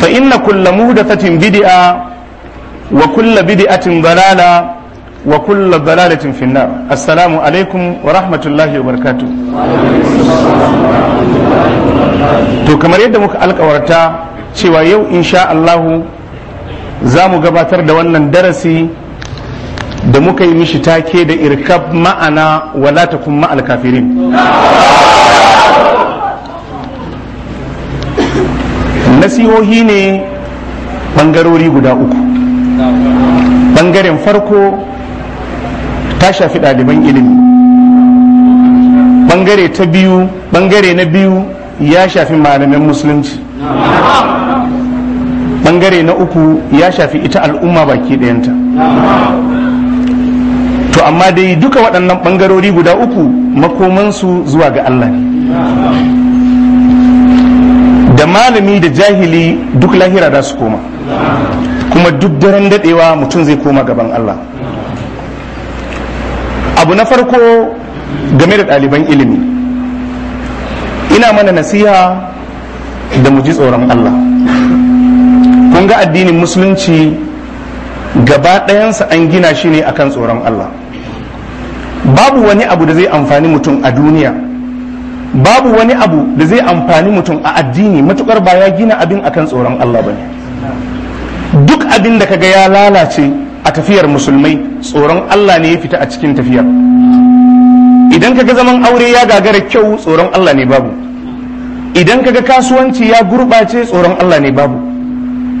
fa inna kulla muhdathatin bid'a wa kulla bid'atin dalala wa kulla dalalatin fi nar assalamu alaikum wa rahmatullahi wa barakatuh to kamar yadda muka alkawarta cewa yau insha Allah za mu gabatar da wannan darasi da muka yi mishi take da irkab ma'ana wala takun ma'al kafirin nasihohi ne bangarori guda uku bangaren farko ta shafi ɗaliban ilimi bangare ta biyu bangare na biyu ya shafi malamin musulunci bangare na uku ya shafi ita al'umma baki ɗayanta to amma dai duka waɗannan bangarori guda uku makomansu zuwa ga Allah ne malami da jahili duk lahira da su koma kuma duk daren dadewa mutum zai koma gaban Allah abu na farko game da ɗaliban ilimi ina mana nasiha da muji tsoron Allah kun ga addinin musulunci gaba ɗayansa an gina shi ne akan tsoron Allah babu wani abu da zai amfani mutum a duniya babu wani abu da zai amfani mutum a addini matukar ba ya gina abin akan tsoron Allah bane duk abin da kaga ya lalace a tafiyar musulmai tsoron Allah ne ya fita a cikin tafiyar idan kaga zaman aure ya gagara kyau tsoron Allah ne babu idan kaga kasuwanci ya gurbace tsoron Allah ne babu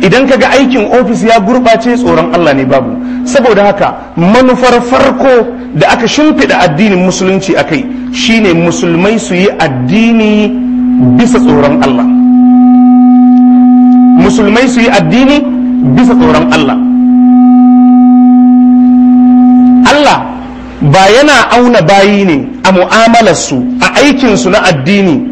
idan kaga aikin ofis ya gurɓace tsoron Allah ne babu saboda haka manufar farko da aka shimfiɗa addinin musulunci a kai shine musulmai su yi addini bisa tsoron Allah musulmai su yi addini bisa tsoron Allah Allah ba yana auna bayi ne a mu'amalarsu a aikinsu na addini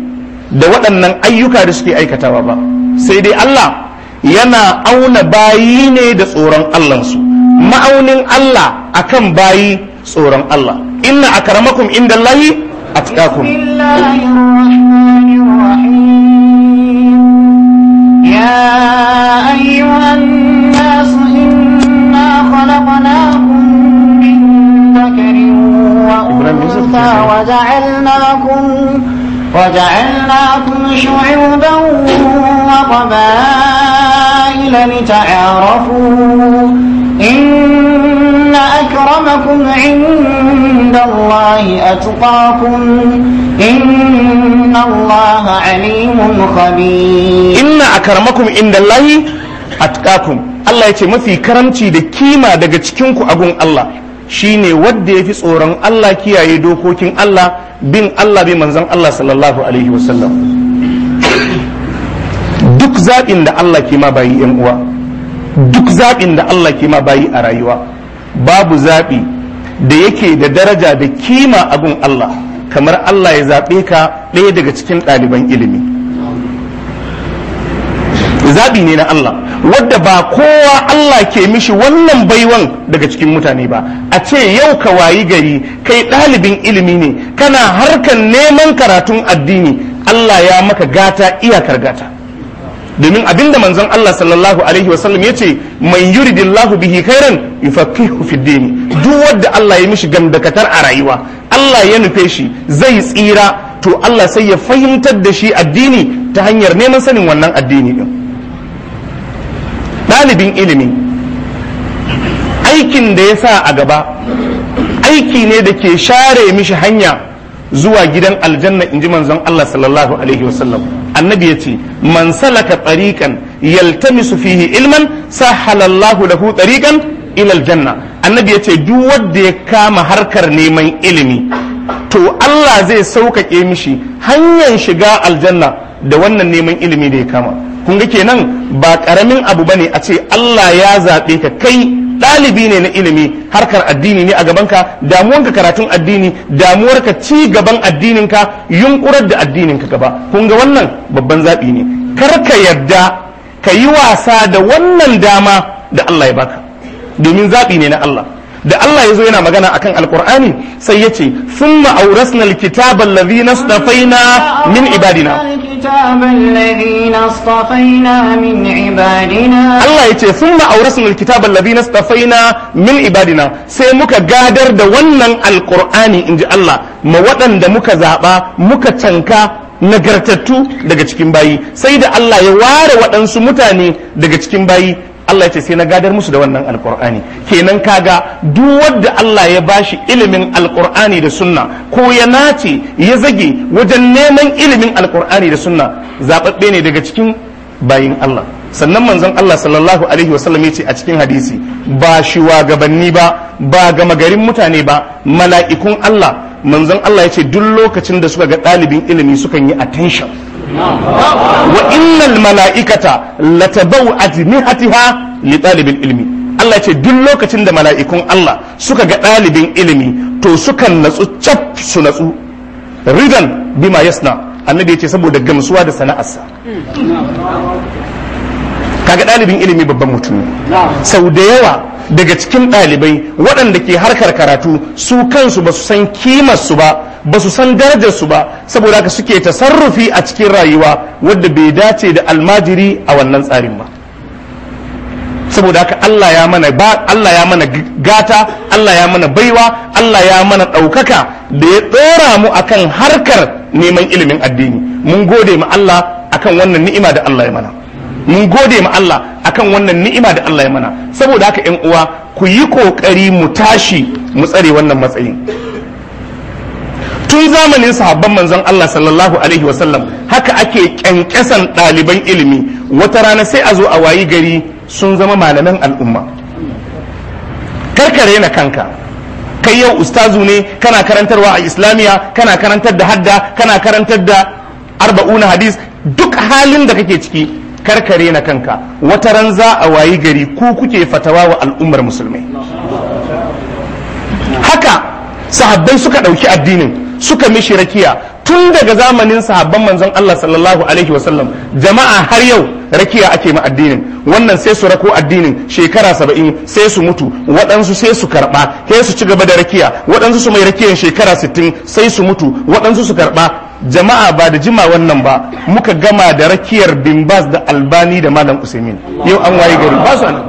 da waɗannan ayyuka da suke aikatawa ba sai dai Allah yana auna bayi ne da tsoron Allahnsu ma'aunin Allah akan bayi tsoron Allah inna inda layi. أتقاكم بسم الله الرحمن الرحيم يا أيها الناس إنا خلقناكم من ذكر وأنثى وجعلناكم وجعلناكم شعوبا وقبائل لتعارفوا إن إن أكرمكم عند الله أتقاكم إن الله عليم خبير إن أكرمكم عند الله أتقاكم الله يتي مفي كرمتي karamci كيما kima daga cikinku الله shine wadda ya fi tsoron Allah kiyaye dokokin Allah bin Allah bi manzon Allah sallallahu alaihi wasallam duk zaɓin da Allah ke ma bayi uwa duk zaɓin da Allah ke ma bayi a rayuwa babu zaɓi da yake da daraja da kima abin Allah kamar Allah ya zaɓe ka ɗaya daga cikin ɗaliban ilimi zaɓi ne na Allah wadda ba kowa Allah ke mishi wannan baiwan daga cikin mutane ba a ce yau ka wayi gari kai ɗalibin ilimi ne kana harkan neman karatun addini Allah ya maka gata iyakar gata domin abinda manzon Allah sallallahu alaihi wasallam ya ce man yuridillahu bihi khairan yufaqihu fid din duk wanda Allah ya mishi gandakatar a rayuwa Allah ya nufe shi zai tsira to Allah sai ya fahimtar da shi addini ta hanyar neman sanin wannan addini din ɗalibin ilimi aikin da ya sa a gaba aiki ne da ke share mishi hanya zuwa gidan aljanna inji ji manzon Allah sallallahu alaihi wasallam annabi ya ce man salaka tariqan yaltamisu fihi ilman sahalallahu lahu tsarikan ilal janna annabi ya ce duk wanda ya kama harkar neman ilimi to Allah zai sauƙaƙe mishi hanyar shiga aljanna da wannan neman ilimi da ya kama kun ga kenan ba ƙaramin abu bane a ce Allah ya zaɓe ka kai ɗalibi ne na ilimi harkar addini ne a gabanka damuwanka karatun addini damuwarka ci gaban addininka yunkurar da addininka gaba kun ga wannan babban zaɓi ne kar ka yarda ka yi wasa da wannan dama da Allah ya baka domin zaɓi ne na Allah da Allah ya zo yana magana akan alkur'ani sai ya ce thumma awrasna alkitaba alladhina istafaina min ibadina Allah ya ce thumma awrasna alkitaba alladhina istafaina min ibadina sai muka gadar da wannan alkur'ani inji Allah ma waɗanda muka zaɓa, muka canka nagartattu daga cikin bayi sai da Allah ya ware waɗansu mutane daga cikin bayi Allah ya ce sai na gadar musu da wannan alkur'ani kenan kaga duk wanda Allah ya bashi ilimin alkur'ani da sunna ko ya nace ya zage wajen neman ilimin alkur'ani da sunna zababbe ne daga cikin bayin Allah sannan manzon Allah sallallahu alaihi wasallam ya ce a cikin hadisi ba shi wa gabanni ba ba gama garin mutane ba mala'ikun Allah manzon Allah yace duk lokacin da suka ga ɗalibin ilimi sukan yi attention wa innal mala'ikata latabau ajnihatiha li talibin ilmi Allah ce duk lokacin da mala'ikun Allah suka ga ɗalibin ilimi to sukan natsu cap su natsu ridan bima yasna annabi ya ce saboda gamsuwa da sana'arsa kaga ɗalibin ilimi babban mutum sau da yawa daga cikin ɗalibai waɗanda ke harkar karatu su kansu ba su san kimar su ba ba su san darajar su ba saboda haka suke tasarrufi a cikin rayuwa wadda bai dace da almajiri a wannan tsarin ba saboda haka Allah ya mana ba Allah ya mana gata Allah ya mana baiwa Allah ya mana ɗaukaka da ya ɗora mu akan harkar neman ilimin addini mun gode ma Allah akan wannan ni'ima da Allah ya mana mun gode ma Allah akan wannan ni'ima da Allah ya mana saboda haka ƴan uwa ku yi kokari mu tashi mu tsare wannan matsayin tun zamanin sahabban manzon Allah sallallahu alaihi wasallam haka ake kyankyasan ɗaliban ilimi wata rana sai a zo a wayi gari sun zama malaman al'umma karkare na kanka kai yau ustazu ne kana karantarwa a islamiya kana karantar da hadda kana karantar da arba'una hadis duk halin da kake ciki karkare na kanka wata ran za a wayi gari ku kuke fatawa wa al'ummar musulmai haka sahabbai suka ɗauki addinin suka mishi rakiya tun daga zamanin sahabban manzon Allah sallallahu alaihi wasallam jama'a har yau rakiya ake ma addinin wannan sai su rako addinin shekara saba'in sai su mutu waɗansu sai su karɓa sai su ci gaba da rakiya waɗansu su mai rakiyan shekara sittin sai su mutu waɗansu su karɓa jama'a ba da jima wannan ba muka gama da rakiyar bimbas da albani da malam usaimin yau an waye gari ba su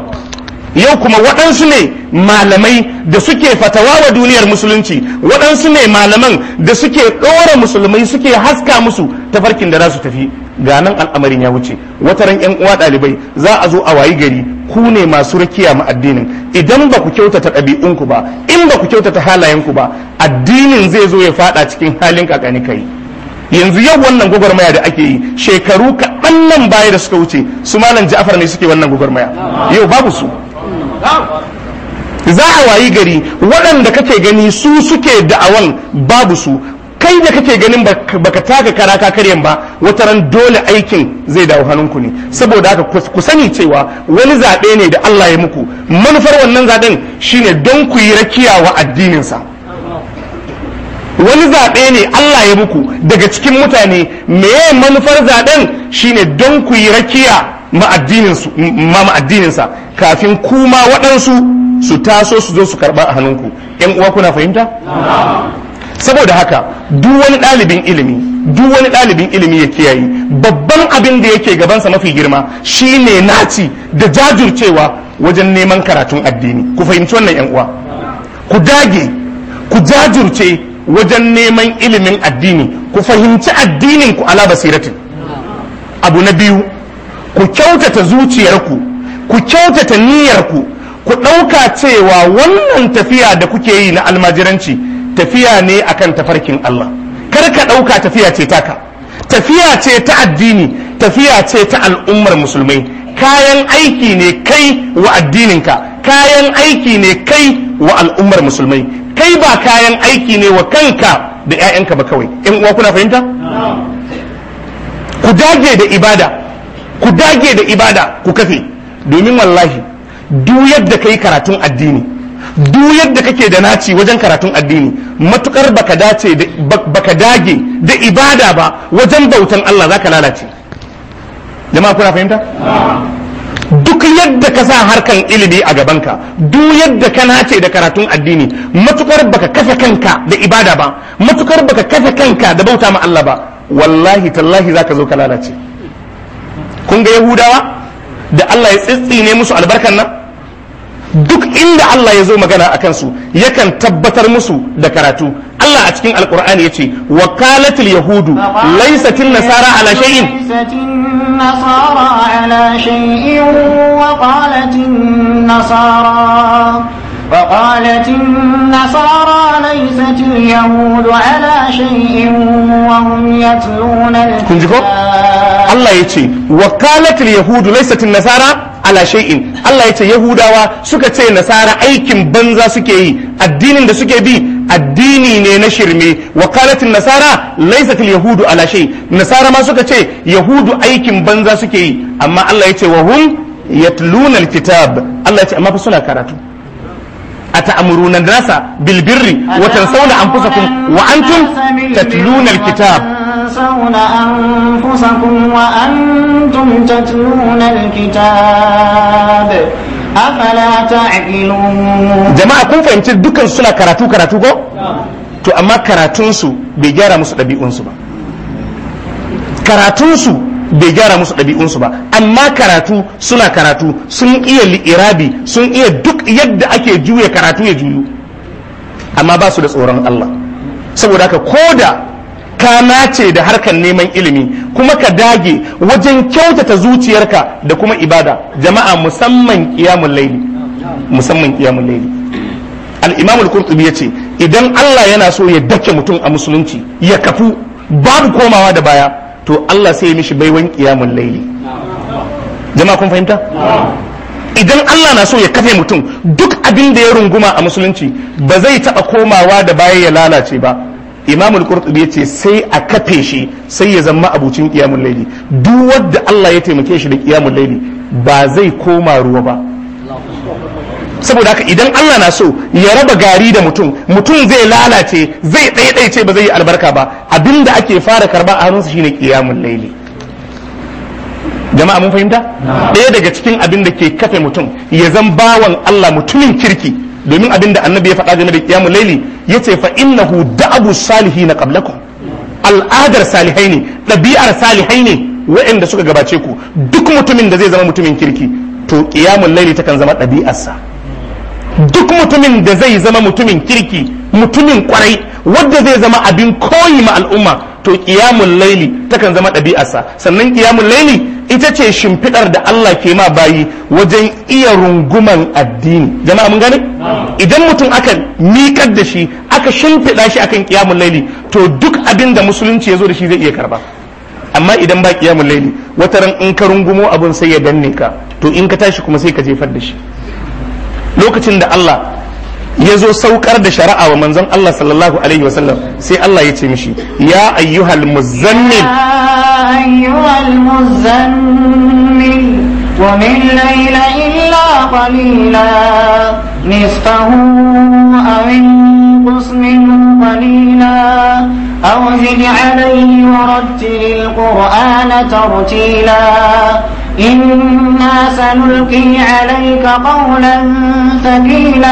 yau kuma waɗansu ne malamai da suke fatawa wa duniyar musulunci waɗansu ne malaman da suke ɗora musulmai suke haska musu tafarkin da za su tafi ga nan al'amarin ya wuce wata ran yan uwa ɗalibai za a zo a wayi gari ku ne masu rakiya ma addinin idan ba ku kyautata ɗabi'unku ba in ba ku kyautata halayenku ba addinin zai zo ya faɗa cikin halin kakani kai yanzu yau wannan gwagwarmaya da ake yi shekaru kaɗan nan baya da suka wuce su malam ja'far ne suke wannan gwagwarmaya yau babu su za a wayi gari waɗanda kake gani su suke da'awan babu su kai da kake ganin baka taka kara ka karyan ba wata ran dole aikin zai dawo hannunku ne saboda haka ku sani cewa wani zaɓe ne da Allah ya muku manufar wannan zaɓen shine don ku yi rakiya wa addininsa wani zaɓe ne Allah ya muku daga cikin mutane meye manufar zaɓen shine don ku yi rakiya ma'addininsa kafin kuma waɗansu su taso su zo su karɓa a hannunku ‘yan uwa kuna fahimta? saboda haka duk wani ɗalibin ilimi duk wani ɗalibin ilimi ya kiyaye babban abin da yake gabansa mafi girma shine naci da jajircewa wajen neman karatun addini ku fahimci wannan ‘yan uwa ku dage ku jajirce wajen neman ilimin addini ku fahimci addinin ku ala basiratin abu na biyu ku kyautata zuciyarku ku kyautata niyyarku ku ɗauka cewa wannan tafiya da kuke yi na almajiranci tafiya ne akan tafarkin Allah kar ka ɗauka tafiya ce taka tafiya ce ta addini tafiya ce ta al'ummar musulmai kayan aiki ne kai wa addininka kayan aiki ne kai wa al'ummar musulmai kai ba kayan aiki ne wa kanka da 'ya'yanka ba kawai in uwa kuna fahimta ku dage da ibada ku dage da ibada ku kafe domin wallahi duk yadda kai karatun addini duk yadda kake da naci wajen karatun addini matukar baka dace baka dage da ibada ba wajen bautan Allah zaka lalace jama'a kuna fahimta duk yadda ka sa harkan ilimi a gabanka duk yadda ka nace da karatun addini matukar baka kafa kanka da ibada ba matukar baka kafa kanka da bauta ma Allah ba wallahi tallahi zaka zo ka lalace kun ga yahudawa da Allah ya tsitsine musu albarkan nan duk inda Allah ya zo magana a kansu yakan tabbatar musu da karatu Allah a cikin alkur'ani ya ce wakalatul yahudu laisatin nasara ala shay'in nasara ala shay'in wa qalatin nasara وقالت النصارى ليست اليهود على شيء وهم يتلون الكتاب الله يتي وقالت اليهود ليست النصارى ala shay'in Allah ya ce Yahudawa suka ce nasara aikin banza suke yi addinin da suke bi addini ne na shirme wakalatin nasara laysat yahudu ala shay nasara ma suka ce yahudu aikin banza suke yi amma Allah ya ce wa hum yatluna Allah ya ce amma fa suna karatu أتأمرون الناس بالبر وتنسون أنفسكم وأنتم تتلون الكتاب تنسون أنفسكم وأنتم تتلون الكتاب أفلا تعقلون جماعة كن فهمت دكان سلا كراتو كراتو كو تو أما كراتون بيجارة مسو ɗabi'unsu ba bai gyara musu ɗabi'unsu ba amma karatu suna karatu sun iya li'irabi sun iya duk yadda ake juya karatu ya juyu amma ba su da tsoron Allah saboda haka da ka nace da harkar neman ilimi kuma ka dage wajen kyautata zuciyarka da kuma ibada jama'a musamman qiyamul laili musamman qiyamul laili al-imam al-qurtubi yace idan Allah yana so ya dake mutum a musulunci ya kafu babu komawa da baya to Allah sai ya mishi baiwan kiyamun laili jama'a kun fahimta idan Allah na so ya kafe mutum duk abin da ya runguma a musulunci ba zai taɓa komawa da baya ya lalace ba imamul ya ce sai a kafe shi sai ya zama abucin kiyamun laili, duk wanda Allah ya taimake shi da kiyamun laili ba zai koma ruwa ba saboda haka idan Allah na so ya raba gari da mutum mutum zai lalace zai ɗaiɗaice ba zai yi albarka ba abinda ake fara karba a hannunsa shine kiyamun laili jama'a mun fahimta ɗaya daga cikin abin da ke kafe mutum ya zan bawan Allah mutumin kirki domin abin da annabi ya faɗa game da laili ya ce fa innahu da'abu salihi na qablakum al'adar salihai ne ɗabi'ar salihai ne waɗanda suka gabace ku duk mutumin da zai zama mutumin kirki to qiyamul laili takan zama ɗabi'arsa duk mutumin da zai zama mutumin kirki mutumin kwarai wadda zai zama abin koyi ma al'umma to kiyamun laili takan zama ɗabi'arsa sannan kiyamun laili ita ce shimfiɗar da Allah ke ma bayi wajen iya runguman addini jama'a mun gane idan mutum aka miƙar da shi aka shimfiɗa shi akan kiyamun laili to duk abin da musulunci ya zo da shi zai iya karba amma idan ba kiyamun laili wata ran in ka rungumo abun sai ya danne ka to in ka tashi kuma sai ka jefar da shi lokacin da Allah ya zo saukar da shari'a wa manzon Allah sallallahu alaihi wasallam sai Allah ya ce mishi ya ayyuhal muzammil ayyuhal muzammil wa min layla illa qalila nisfahu aw inqus minhu qalila أو زد عليه ورتل القرآن ترتيلا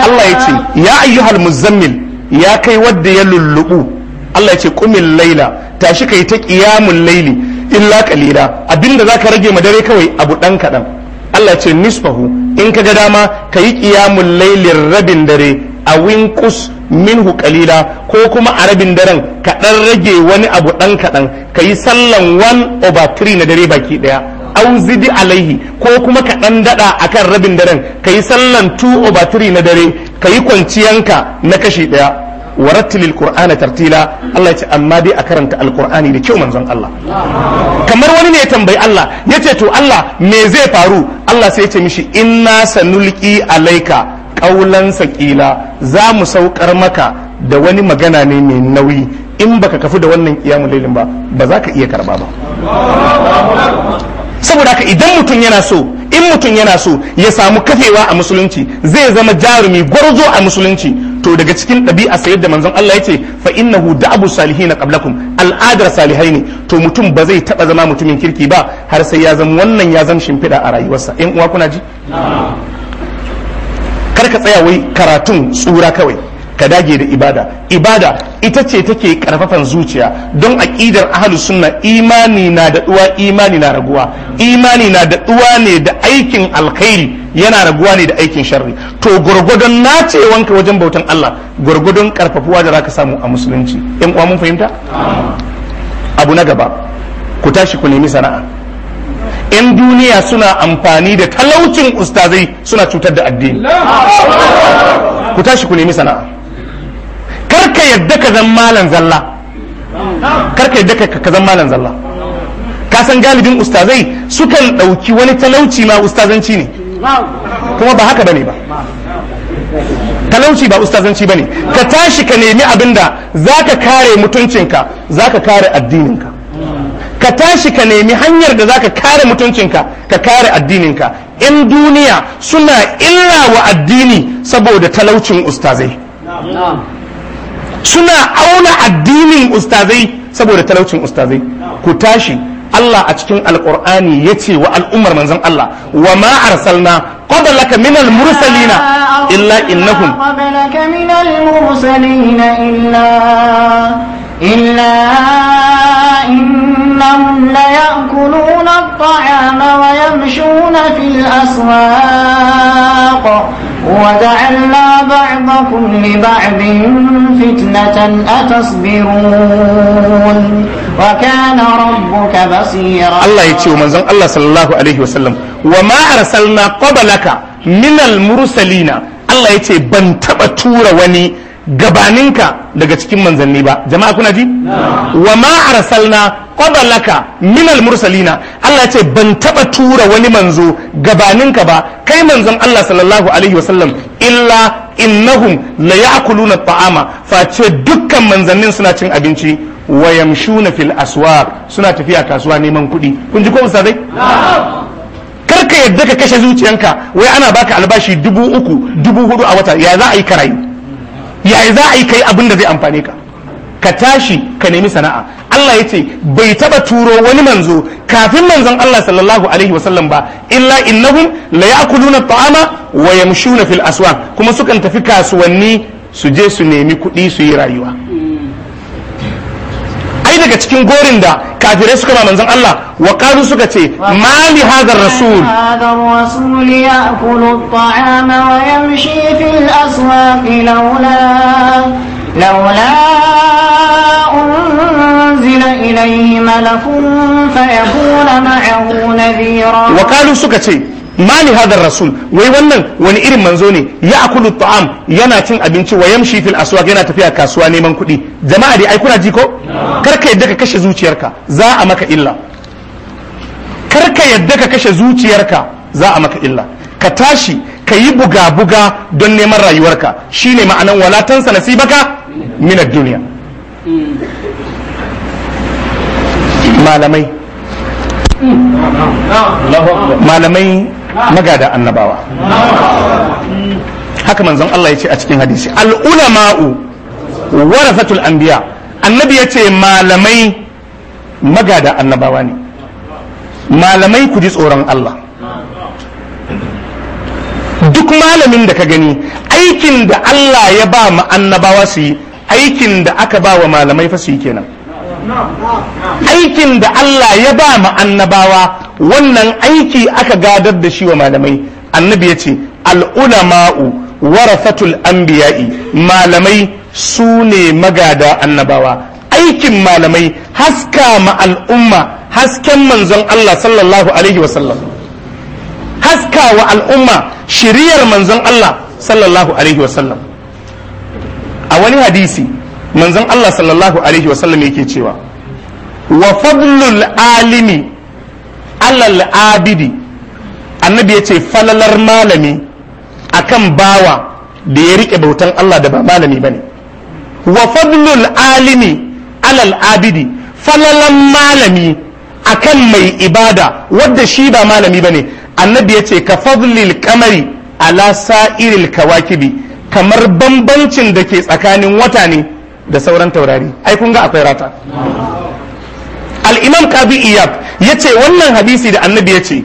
Allah ya ce, Ya ayyu muzammil ya kai wadda ya lullubu Allah ya ce, Kumin laila, tashi kai ta ƙiyamun laili, illa kalila, abinda za ka rage madare kawai abu ɗan kaɗan. Allah ya ce, Nisfahu, in ka ga dama ka yi ƙiyamun lailin rabin dare a winkus minhu ƙalila, ko kuma a rabin daren ka ɗan rage wani abu ɗan kaɗan, ka yi sallan one over three na dare baki ɗaya. auzidi alaihi ko kuma ka dan dada akan rabin daren yi sallan 2 over 3 na dare kayi kwanciyanka na kashi daya warattil qur'ana tartila Allah ya ce amma dai a karanta alqur'ani da kyau manzon Allah kamar wani ne ya tambayi Allah yace to Allah me zai faru Allah sai ya ce mishi inna sanulqi alaika qaulan saqila za mu saukar maka da wani magana ne mai nauyi in baka kafu da wannan kiyamul lailin ba ba za ka iya karba ba saboda haka idan mutum yana so in mutum yana so ya samu kafewa a musulunci zai zama jarumi gwarzo a musulunci to daga cikin ɗabi'a sayar da manzon Allah ya ce fa innahu da'abu salihina qablakum al'adar salihai ne to mutum ba zai taba zama mutumin kirki ba har sai ya zama wannan ya zama shimfiɗa a rayuwarsa ƴan uwa kuna ji kar ka tsaya wai karatun tsura kawai ka dage da ibada ibada ita ce take karfafan zuciya don aqidar ahlus sunna imani na da duwa imani na raguwa imani na da duwa ne da aikin alkhairi yana raguwa ne da aikin sharri to gurgudun wanka wajen bautan Allah gurgudun karfafuwa da zaka samu a musulunci in uwa mun fahimta abu na gaba ku tashi ku nemi sana'a in duniya suna amfani da talaucin ustazai suna cutar da addini ku tashi ku nemi sana'a karka yadda ka zan malan zalla karka yadda ka zan malan zalla ka san galibin ustazai sukan ɗauki wani talauci ma ustazanci ne kuma ba haka bane ba talauci ba ustazanci bane ka tashi ka nemi abinda zaka kare mutuncinka zaka kare addininka ka tashi ka nemi hanyar da zaka kare mutuncinka ka kare addininka in duniya suna illa wa addini saboda talaucin ustazai suna auna addinin ustazai saboda talaucin ustazai ku tashi Allah a cikin alkur'ani ya ce wa al'ummar manzon Allah wa ma arsalna qablaka min mursalina illa innahum qablaka mursalina illa illa innahum la ya'kuluna at-ta'ama wa yamshuna fil aswaq وجعلنا بعضكم لبعض فتنة أتصبرون وكان ربك بصيرا الله يتشو منزل الله صلى الله عليه وسلم وما أرسلنا قبلك من المرسلين الله يتشي بنتبتور tura wani gabaninka daga cikin manzanni ba jama'a kuna ji wa ma arsalna qablaka minal mursalina Allah ya ce ban taba tura wani manzo gabaninka ba kai manzon Allah sallallahu alaihi wasallam illa innahum la ya'kuluna ta'ama face dukkan manzannin suna cin abinci wa yamshuna fil aswaq suna tafiya kasuwa neman kuɗi kun ji ko ustazai kar ka yadda ka kashe zuciyanka wai ana baka albashi dubu uku dubu hudu a wata ya za a yi karayi ya za a yi kai abin da zai amfane ka ka tashi ka nemi sana'a Allah ya ce bai taba turo wani manzo kafin manzon Allah sallallahu alaihi wasallam ba illa innahum la ya'kuluna ta'ama wa yamshuna fil aswaq kuma sukan tafi kasuwanni su je su nemi kuɗi su yi rayuwa ai daga cikin gorin da kafirai suka ba manzon Allah wa qalu suka ce ma li rasul rasul ya'kulu taama wa yamshi fil aswaq laula لولا أنزل إليه ملك فيكون معه نذيرا وقالوا سكتي ما لهذا الرسول وي wannan wani irin manzo ne ya akulu ta'am yana cin abinci wa yamshi fil yana tafiya kasuwa neman kuɗi jama'a dai ai kuna ji ko kar ka yadda ka kashe zuciyarka za a maka illa ka tashi ka yi buga buga don neman rayuwarka shine ma'anan walatansa tansa nasibaka min duniya malamai malamai magada annabawa haka manzon Allah ya ce a cikin hadisi al'ulama'u warafatul anbiya annabi ya ce malamai magada annabawa ne malamai ku ji tsoron Allah duk malamin da ka gani aikin da Allah ya ba mu annabawa su yi aikin da aka ba wa malamai fasi kenan aikin da Allah ya ba ma annabawa wannan aiki aka gadar da shi wa malamai annabi ya ce al'ulama'u warafatul anbiya'i malamai su ne magada annabawa aikin malamai haska ma al'umma hasken manzon Allah sallallahu alaihi wasallam haska wa al'umma shiriyar manzon Allah sallallahu alaihi wasallam a wani hadisi manzon Allah sallallahu alaihi wasallam yake cewa wa fadlul alimi alal abidi annabi ya ce falalar malami akan bawa da ya rike bautan Allah da ba malami bane wa fadlul alimi alal abidi falalan malami akan mai ibada wadda shi ba malami bane annabi ya ce ka fadlil kamari ala sa'iril kawakibi kamar bambancin da ke tsakanin wata ne da sauran taurari ai kun ga akwai rata al-imam kabi iyab yace wannan hadisi da annabi ce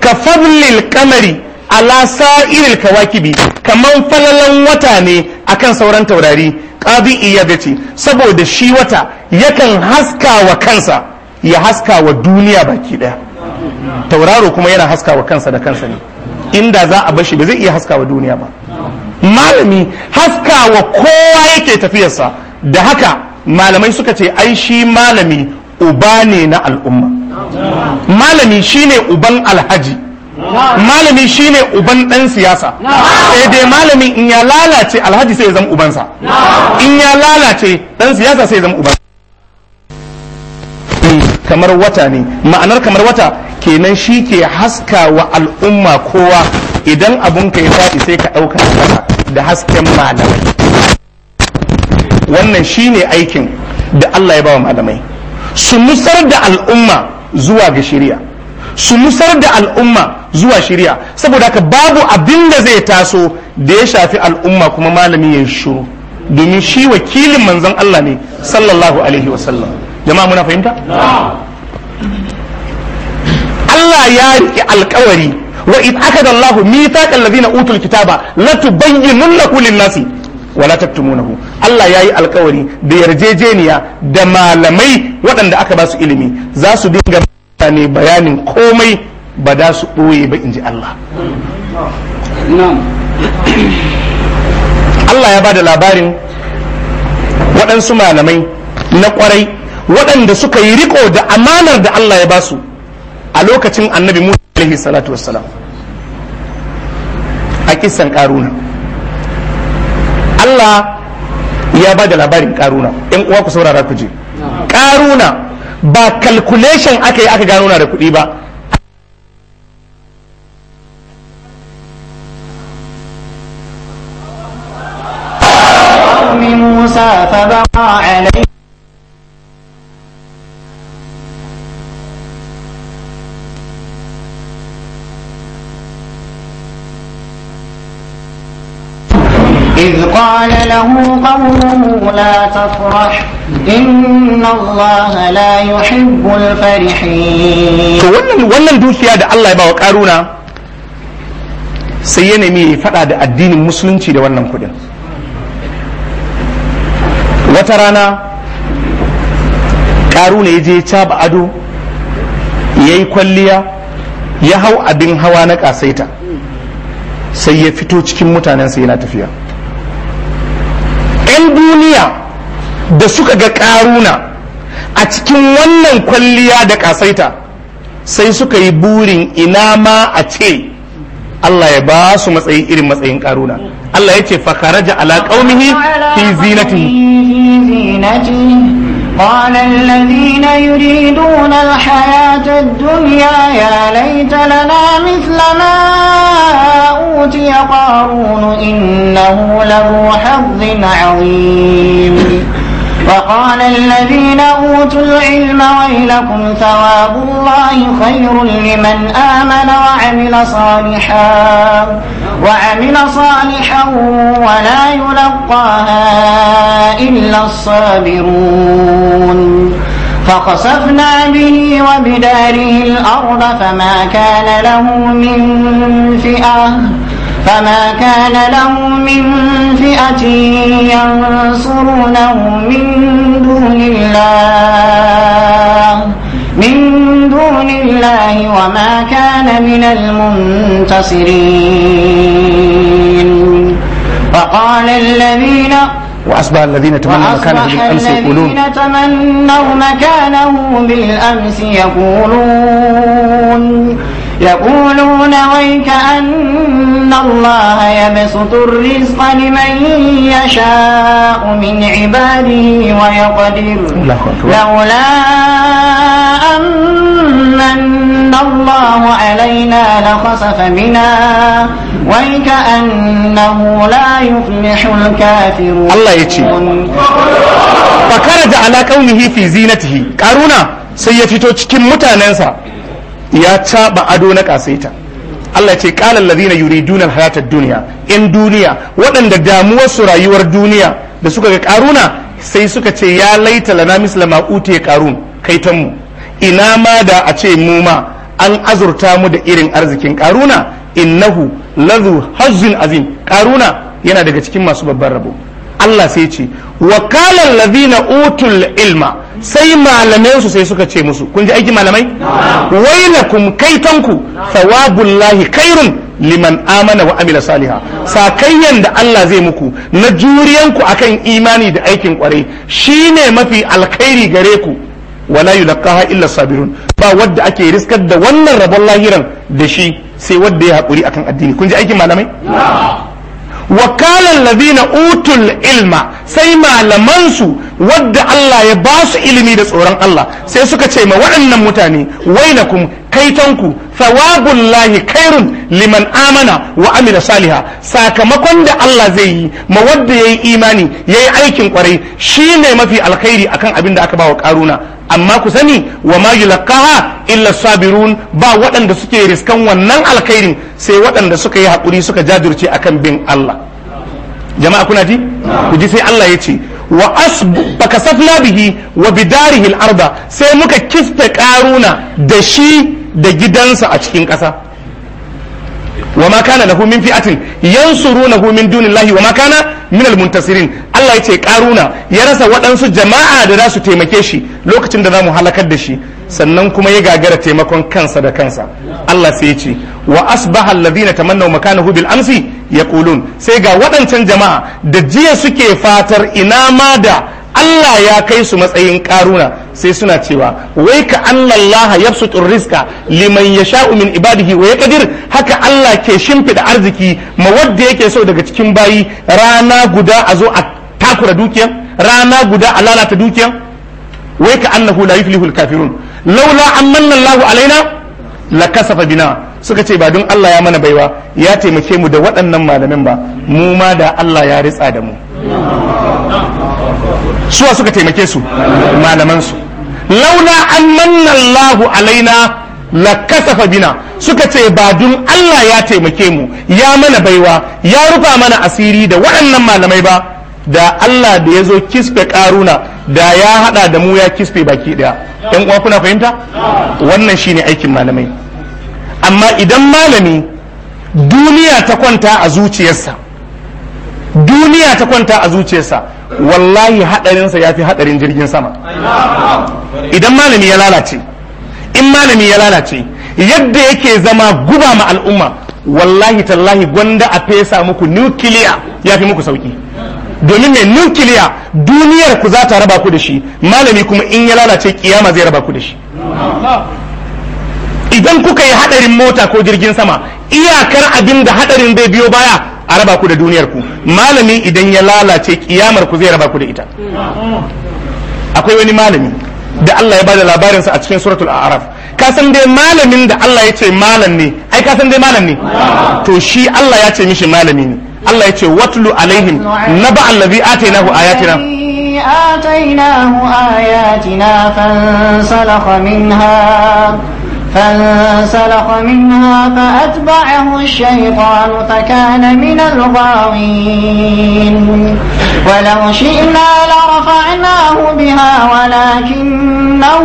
ka fadlil kamari ala sa'iril kawakibi kamar falalan wata ne akan sauran taurari kabi iyab ce, saboda shi wata yakan haska wa kansa ya haska wa duniya baki daya tauraro kuma yana haska wa kansa da kansa ne inda za a bashi ba zai iya haska wa duniya ba malami haska wa kowa yake tafiyarsa da haka malamai suka ce ai shi malami uba ne na al'umma malami shine uban alhaji malami shine uban dan siyasa sai dai malami in ya lalace alhaji sai ya zama ubansa in ya lalace dan siyasa sai ya zama ubansa hmm, kamar wata ne ma'anar kamar wata kenan shi ke haska wa al'umma kowa idan abun ka ya faɗi sai ka ɗauka da hasken malamai wannan shi ne aikin da Allah ya bawa malamai su nusar da al'umma zuwa ga shirya su nusar da al'umma zuwa shirya saboda haka babu abin da zai taso da ya shafi al'umma kuma malami ya shuru domin shi wakilin manzon Allah ne sallallahu alaihi wasallam jama'a muna fahimta Allah ya riƙe alƙawari wa id akada Allah mithaqal ladina utul kitaba latubayyinunnahu lin-nasi wala taktumunahu Allah yayi alkawari da yarjejeniya da malamai waɗanda aka ba su ilimi za su dinga mutane bayanin komai ba da su ɓoye ba inji Allah Allah ya ba da labarin waɗansu malamai na ƙwarai waɗanda suka yi riko da amanar da Allah ya ba su a lokacin annabi musa alaihi salatu wassalam a kisan karuna Allah ya ba da labarin karuna in uwa ku saurara ku je karuna ba calculation aka yi aka gano na da kuɗi ba موسى فبقى عليه إذ قال له قومه لا تفرح إن الله لا يحب الفرحين wannan wannan dukiya da Allah ya bawa karuna sai ya nemi ya fada da addinin musulunci da wannan kudin wata rana karuna ya je ya caba ado ya yi kwalliya ya hau abin hawa na kasaita sai ya fito cikin mutanensa yana tafiya 'yan duniya da suka ga ƙaruna a cikin wannan kwalliya da ƙasaita sai suka yi burin ina ma a ce Allah ya ba su matsayi irin matsayin ƙaruna Allah ya ce fakaraja ala qaumihi fi zinatin قال الذين يريدون الحياة الدنيا يا ليت لنا مثل ما أوتي قارون إنه لذو حظ عظيم وقال الذين أوتوا العلم ويلكم ثواب الله خير لمن آمن وعمل صالحا وعمل صالحا ولا يلقاها إلا الصابرون فخسفنا به وبداره الأرض فما كان له من فئة فما كان له من فئة ينصرونه من دون الله من دون الله وما كان من المنتصرين وقال الذين وأصبح الذين تمنوا مكانه بالأمس يقولون الذين تمنوا مكانه بالأمس يقولون يقولون ويك أن الله يبسط الرزق لمن يشاء من عباده ويقدر لولا أن الله علينا لخسف بنا أنه لا يفلح الكافرون الله يجي فخرج على كونه في زينته قارونا سيفتو cikin mutanensa ya caba ado na kasaita Allah ce qala yuri yuriduna alhayata duniya in duniya waɗanda damuwar su rayuwar duniya da suka ga karuna sai suka ce ya laita lana misla ma utiya karun kaitan ina ma da a ce mu ma an azurta mu da irin arzikin karuna innahu lazu hazzin azim karuna yana daga cikin masu babban rabo Allah sai ce wa qala na utul ilma sai malamai su sai suka ce musu kun ji aiki malamai wailakum kaitanku thawabullahi khairun liman amana wa amila saliha sakayyan da Allah zai muku na juriyanku akan imani da aikin kwarai shine mafi alkhairi gare ku wala yulqaha illa sabirun ba wadda ake riskar da wannan rabon lahiran da shi sai wadda ya haƙuri akan addini kun ji aikin malamai wakalan lazina utul ilma sai malamansu wadda Allah ya ba su ilimi da tsoron Allah sai suka ce ma waɗannan mutane wainakum kaitonku thawabul lahi kairun liman amana wa amila saliha sakamakon da Allah zai yi ma wanda yayi imani yayi aikin kwarai shine mafi alkhairi akan abin da aka bawa karuna amma ku sani wa ma yulqaha illa sabirun ba waɗanda suke riskan wannan alkhairin sai waɗanda suka yi hakuri suka jajirce akan bin Allah jama'a kuna ji ku ji sai Allah ya ce wa asbaka safna bihi wa bidarihi al-arda sai muka kifta karuna da shi da gidansa a cikin ƙasa wa ma kana lahu min fi'atin hu min dunillahi wa ma kana min almuntasirin Allah ya ce karuna ya rasa waɗansu jama'a da za su taimake shi lokacin da za mu halakar da shi sannan kuma ya gagara taimakon kansa da kansa Allah sai ya ce wa asbaha alladhina tamannaw makanahu bil amsi yaqulun sai ga waɗancan jama'a da jiya suke fatar ina ma da Allah ya kai su matsayin karuna sai suna cewa wai ka annallaha yabsutur rizqa liman ya yasha'u min ibadihi wa yaqdir haka Allah ke shimfida arziki ma wanda yake so daga cikin bayi rana guda a zo a takura dukiyar? rana guda a lalata dukiyar? wai ka annahu la yuflihul kafirun laula amanna Allahu alaina la kasafa bina suka ce ba don Allah ya mana baiwa ya taimake mu da waɗannan malamin ba mu ma da Allah ya ritsa da mu suwa suka taimake su malaman su launa an manna Allahu alaina la kasafa bina suka ce ba dun Allah ya taimake mu ya mana baiwa ya rufa mana asiri da waɗannan malamai ba da Allah da ya zo kisfe karuna da ya hada da mu ya kisfe baki daya ɗan uwa kuna fahimta wannan shine aikin malamai amma idan malami duniya ta kwanta a zuciyarsa duniya ta kwanta a zuciyarsa wallahi hadarinsa ya fi hadarin jirgin sama idan malami ya lalace in malami ya lalace yadda yake zama guba ma al'umma wallahi tallahi gwanda a fesa muku nukiliya ya fi muku sauki domin mai nukiliya duniyar ku za ta raba ku da shi malami kuma in ya lalace kiyama zai raba ku da shi idan kuka yi haɗarin mota ko jirgin sama iyakar abin da hadarin bai biyo baya a raba ku da duniyar ku malami idan ya lalace kiyamar ku zai raba ku da ita akwai wani malami da Allah ya bada sa a cikin suratul a'raf ka san dai malamin da Allah ya ce malam ne ai ka san dai malam ne to shi Allah ya ce mishi malami ne Allah ya ce watlu alaihim naba allazi atainahu ayatina آتيناه آياتنا minha فانسلخ منها فأتبعه الشيطان فكان من الغاوين ولو شئنا لرفعناه بها ولكنه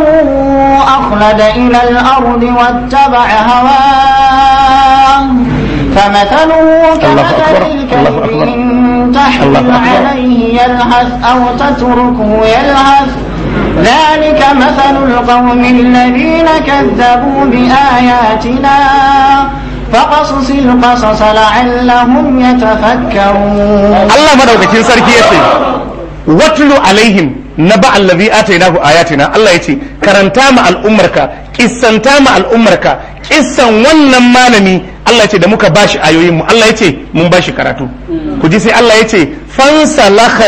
أخلد إلى الأرض واتبع هواه فمثله كمثل الكلب إن تحمل عليه يلهث أو تتركه يلهث ذلك مثل القوم الذين كذبوا بآياتنا فقصص القصص لعلهم يتفكرون الله مدعوك تنسر كيسي واتلو عليهم نبع الذي آتيناه آياتنا الله يتي كرنتا مع الأمركا kissanta ma al'ummarka kissan wannan malami Allah ya ce da muka bashi ayoyinmu Allah ya ce mun bashi karatu ku ji sai Allah ya ce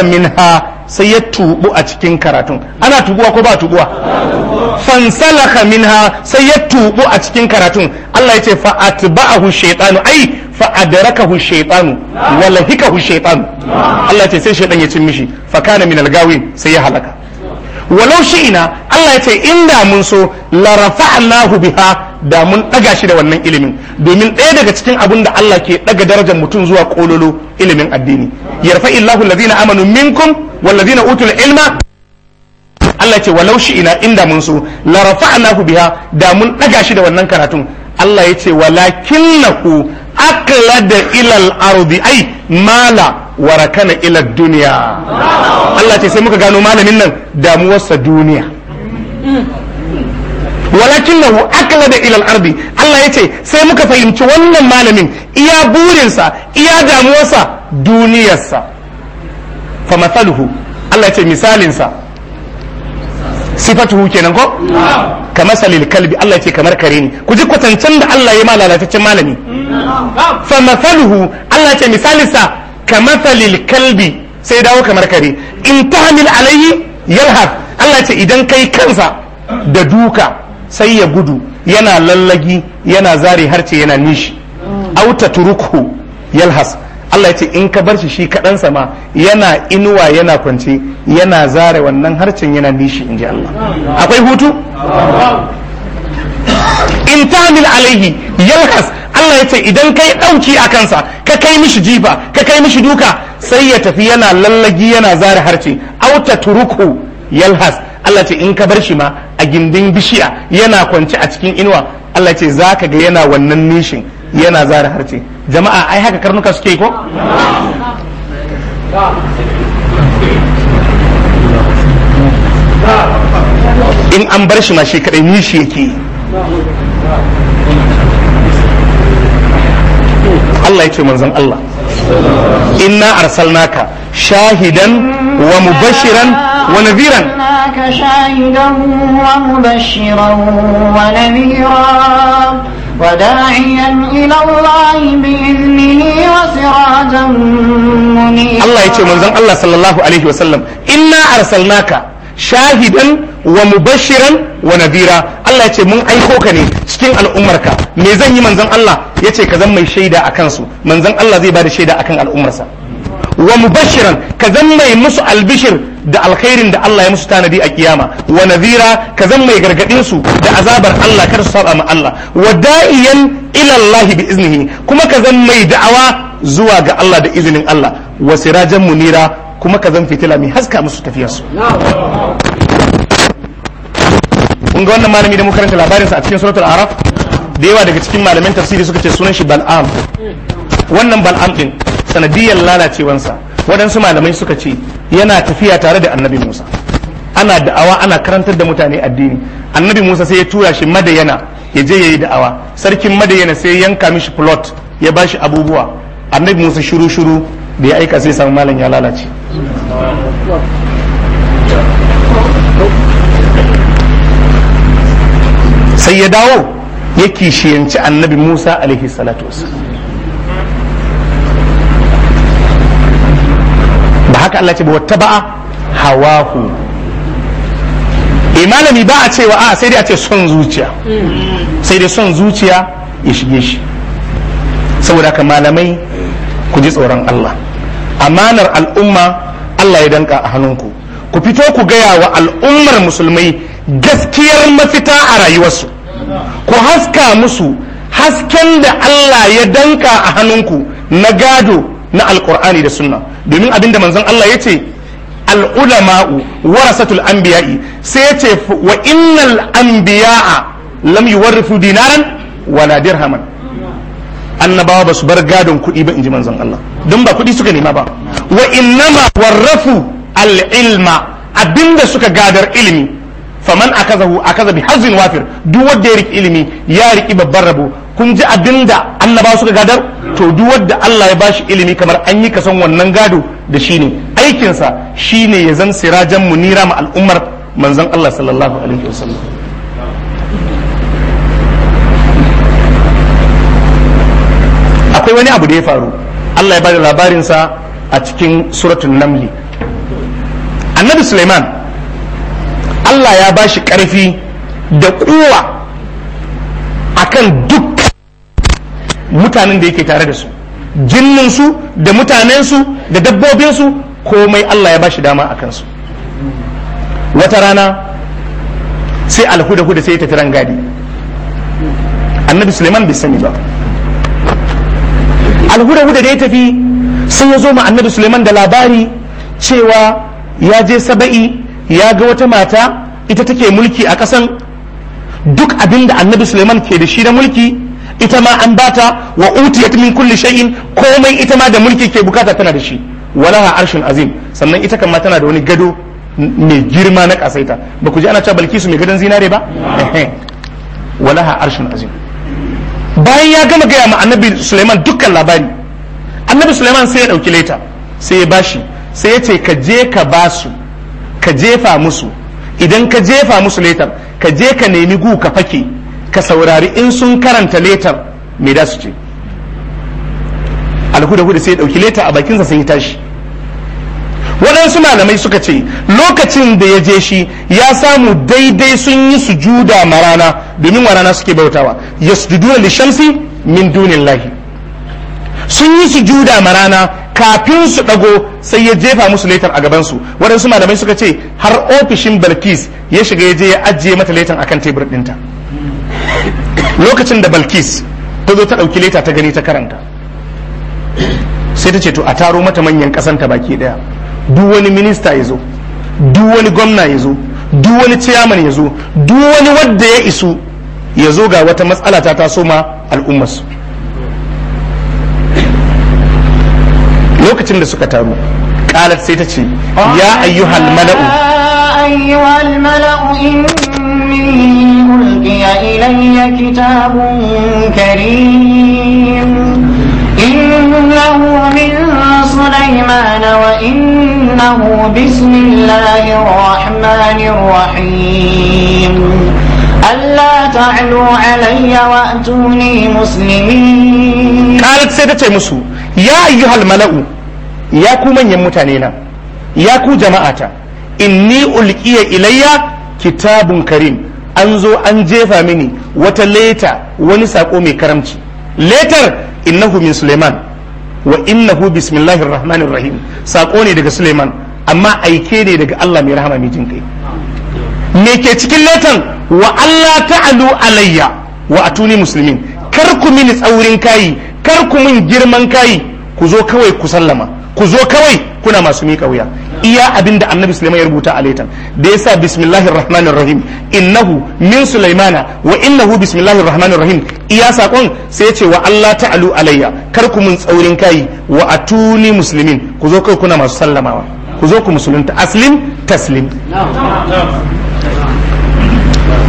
min minha sai ya tubu a cikin karatun ana tubuwa ko ba tubuwa fansalaka minha sai ya tubu a cikin karatun Allah ya ce fa atba'ahu shaytanu ai fa adrakahu shaytanu wa lahikahu shaytanu Allah ya ce sai shaytan ya cin mishi fa kana min algawi sai ya halaka walau ina. Allah ya ce inda mun so la rafa'nahu biha da mun ɗaga shi da wannan ilimin domin ɗaya daga cikin abin da Allah ke ɗaga darajar mutum zuwa ƙololo ilimin addini yarfa illahu allazina amanu minkum wallazina utul ilma Allah ce walau shi ina inda mun so la rafa'nahu biha da mun ɗaga shi da wannan karatun Allah ya ce walakinnahu aqlada ilal ardi ai mala warakana ila duniya Allah ce sai muka gano malamin nan damuwarsa duniya Walakin walakinahu akala da ilal ardi Allah ya ce sai muka fahimci wannan malamin iya burinsa iya damuwarsa duniyarsa fa mathaluhu Allah ya ce misalinsa sifatuhu kenan ko ka masalil kalbi Allah ya ce kamar kare ne ku ji kwatancen da Allah ya ma lalataccen malami fa mathaluhu Allah ya ce misalinsa ka masalil kalbi sai dawo kamar kare in tahmil alayhi yalhaf Allah ya ce idan kai kansa da duka sai ya gudu yana lallagi yana zari harce yana nishi auta turuku yalhas Allah ya ce in ka bar shi shi kaɗan sama yana inuwa yana kwance yana zare wannan harcin yana nishi in ji Allah akwai hutu in tamil alaihi yalhas Allah ya ce idan yi ɗauki a kansa ka kai mishi jifa ka kai mishi duka sai ya tafi yana lallagi yana zare harce auta turuku yalhas Allah ce in ka bar shi ma a gindin bishiya yana kwance a cikin inuwa Allah ce za ka ga yana wannan nishin yana zara harce jama'a ai haka karnuka suke ko in an bar shi ma shi kadai nishi yake Allah ya ce manzon Allah inna arsalnaka shahidan wa mubashiran wa nadhiran shahidan wa mubashiran wa nadhiran وداعيا إلى الله بإذنه وسراجا منيرا الله يتشو منزل الله Allah ya ce mun aiko ka ne cikin al'ummarka me zan yi manzon Allah ya ce ka zan mai shaida a kansu manzan Allah zai ba da shaida akan al'ummarsa wa mubashiran ka zan mai musu albishir da alkhairin da Allah ya musu tanadi a kiyama wa nazira ka zan mai gargadin su da azabar Allah kar su saba ma Allah wa da'iyan ila Allah bi iznihi kuma ka zan mai da'awa zuwa ga Allah da izinin Allah wa sirajan munira kuma ka zan fitila mai haska musu tafiyarsu kun ga wannan malami da muka karanta labarinsa a cikin suratul araf da yawa daga cikin malamin tafsiri suka ce sunan shi bal'am wannan bal'am din sanadiyar lalacewansa waɗansu malamai suka ce yana tafiya tare da annabi musa ana da'awa ana karantar da mutane addini annabi musa sai ya tura shi madayana ya je ya yi da'awa sarkin madayana sai yanka mishi plot ya ba shi abubuwa annabi musa shuru shuru da ya aika sai samu malam ya lalace sai ya dawo ya kishiyanci annabi musa alaihi salatu ba haka allah ce ba wata ba'a hawahu eh, malami ba a cewa a sai dai a ce son zuciya sai dai son zuciya ya shige shi saboda ka malamai ku ji tsoron allah amanar al'umma allah ya danka a hannunku ku fito ku gaya wa al'ummar musulmai gaskiyar mafita a rayuwarsu ku haska musu hasken da Allah ya danka a hannunku na gado na alkur'ani da sunna domin abinda manzon Allah ya ce al'ulama'u warasatul anbiya'i sai ya ce wa innal anbiya'a lam yuwarrifu dinaran wala dirhaman annabawa ba su bar gadon kuɗi ba inji manzon Allah don ba kuɗi suka nema ba wa innama warrafu al'ilma abinda suka gadar ilimi faman zahu aka bi hazin wafir duk wanda ya riki ilimi ya riki babban rabo kun ji abinda annaba suka gadar to duk wanda Allah ya bashi ilimi kamar an yi kasan wannan gado da shi ne aikinsa shine ya zan sirajan munira ma al'ummar manzon Allah sallallahu alaihi wasallam akwai wani abu da ya faru Allah ya bada labarinsa a cikin suratun namli annabi Sulaiman Allah ya ba shi ƙarfi da a kan duk mutanen da yake tare da su jinninsu da mutanensu da dabbobinsu komai Allah ya ba shi dama a kansu wata rana sai alhuda-huda sai tafi rangadi annabi suleiman bai sani ba alhuda-huda da ya tafi sai ya zo ma annabi suleiman da labari cewa ya je saba'i ya ga wata mata ita take mulki a kasan duk abin da annabi suleiman ke da shi na mulki ita ma an bata wa utiyat min kulli shay'in komai ita ma da mulki ke bukata tana da shi walaha arshin azim sannan ita kan tana da wani gado mai girma na kasaita ba ku ji ana cewa balkisu mai gadon zinare ba walaha arshin azim bayan ya gama gaya ma annabi suleiman dukkan labari annabi suleiman sai ya dauki leta sai ya bashi sai ya ce ka je ka basu ka jefa musu idan ka jefa musu letar ka je ka nemi gu ka fake ka saurari in sun karanta letar me da su ce alhuda huda sai dauki letar a bakinsa sun yi tashi waɗansu malamai suka ce lokacin da ya je shi ya samu daidai sun yi sujuda marana domin wa rana suke bautawa yasjudu li shamsi min dunin lahi sun yi sujuda ma rana kafin su dago sai ya jefa musu letar a gaban su waɗansu malamai suka ce har ofishin balkis ya shiga ya je ya ajiye mata letar akan tebur ɗinta lokacin da balkis ta zo ta ɗauki leta ta gani ta karanta sai ta ce to a taro mata manyan ƙasanta baki ɗaya duk wani minista ya zo duk wani gwamna ya zo duk wani ciyaman ya zo duk wani wadda ya isu ya zo ga wata matsala ta taso ma al'ummarsu lokacin da suka taru kalat sai ta ce ya ayyuhal mala'u ayyuhal إنه من سليمان وإنه بسم الله الرحمن الرحيم ألا تعلوا علي وأتوني مسلمين ya ku manyan mutane na ya ku jama'ata inni ulqiya ilayya kitabun karim an zo an jefa mini wata leta wani sako mai karamci letar innahu min suleiman wa innahu bismillahir rahmanir rahim sako ne daga suleiman amma aike ne daga Allah mai rahama mai jin kai me ke cikin letan wa Allah ta'alu alayya wa atuni muslimin kar ku mini tsaurin kayi kar ku min girman kayi ku zo kawai ku sallama ku zo kawai kuna masu miƙa wuya iya abin da annabi sulaiman ya rubuta a laitan da yasa bismillahir rahmanir rahim innahu min sulaimana wa innahu bismillahir rahmanir rahim iya sakon sai ce wa Allah ta'alu alayya kar ku mun tsaurin kai wa atuni muslimin ku zo kawai kuna masu sallamawa ku zo ku musulunta aslim taslim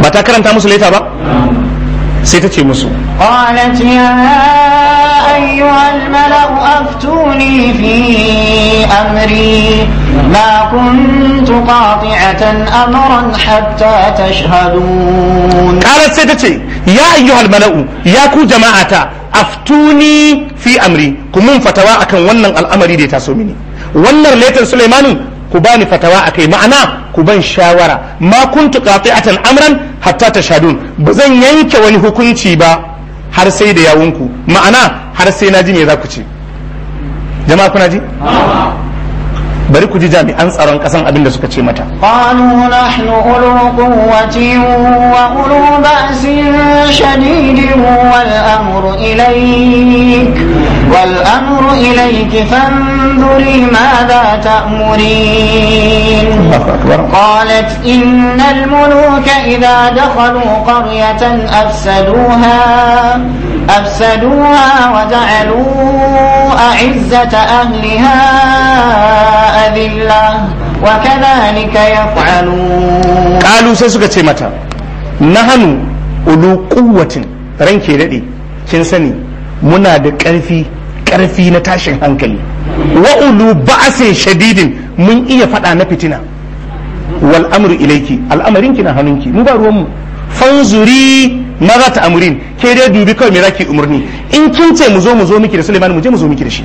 ba ta karanta musu laita ba sai ta ce musu يا أيها الملأ أفتوني في أمري ما كنت قاطعة أمرا حتى تشهدون قالت سيدتي يا أيها الملأ يا كو جماعة أفتوني في أمري كمون فتوى أكن ونن الأمر دي تاسوميني ونن ليتن سليمانو ku bani fatawa akai ma'ana ku ban shawara ma kuntu qati'atan amran hatta tashhadun ba zan yanke wani hukunci ba har sai da yawunku ma'ana har sai na ji me za ku ce jama'a kuna ji bari ku ji jami'an tsaron kasan abin da suka ce mata qalu nahnu ulu quwwati wa ulul ba'sin shadidin wal amru ilayk والأمر إليك فانظري ماذا تأمرين قالت إن الملوك إذا دخلوا قرية أفسدوها أفسدوها وجعلوا أعزة أهلها أذلة وكذلك يفعلون قالوا سيسوك متى نحن أولو قوة رنكي ردي kin sani muna da ƙarfi karfi na tashin hankali wa'ulu ba'asin shadidin mun iya faɗa na fitina wal amru ilaiki al'amarinki na hannunki mu ba ruwanmu fanzuri ma za ta amurin ke dai dubi kawai mai raki umarni in kin ce mu zo mu zo miki da Sulaiman mu je mu zo miki da shi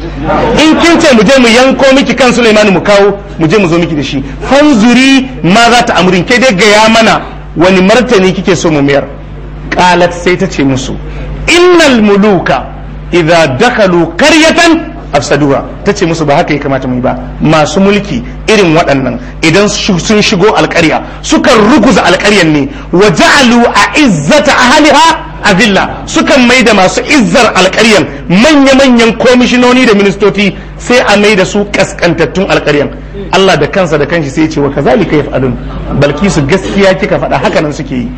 in kin ce mu je mu yanko miki kan Sulaiman mu kawo mu je mu zo miki da shi fanzuri ma za ta amurin ke dai gaya mana wani martani kike so mu mayar qalat sai ta ce musu innal muluka idza dakalu qaryatan afsaduha tace musu ba haka ya kamata mu yi ba masu mulki irin waɗannan idan sun shigo alƙarya sukan ruguza alƙaryan ne wa ja'alu a izzata ahliha azilla sukan mai da masu izzar alƙaryan manya-manyan komishinoni da ministoci sai a mai da su kaskantattun alƙaryan Allah da kansa da kanshi sai ya ce wa kazalika yaf'alun balki su gaskiya kika faɗa haka nan suke yi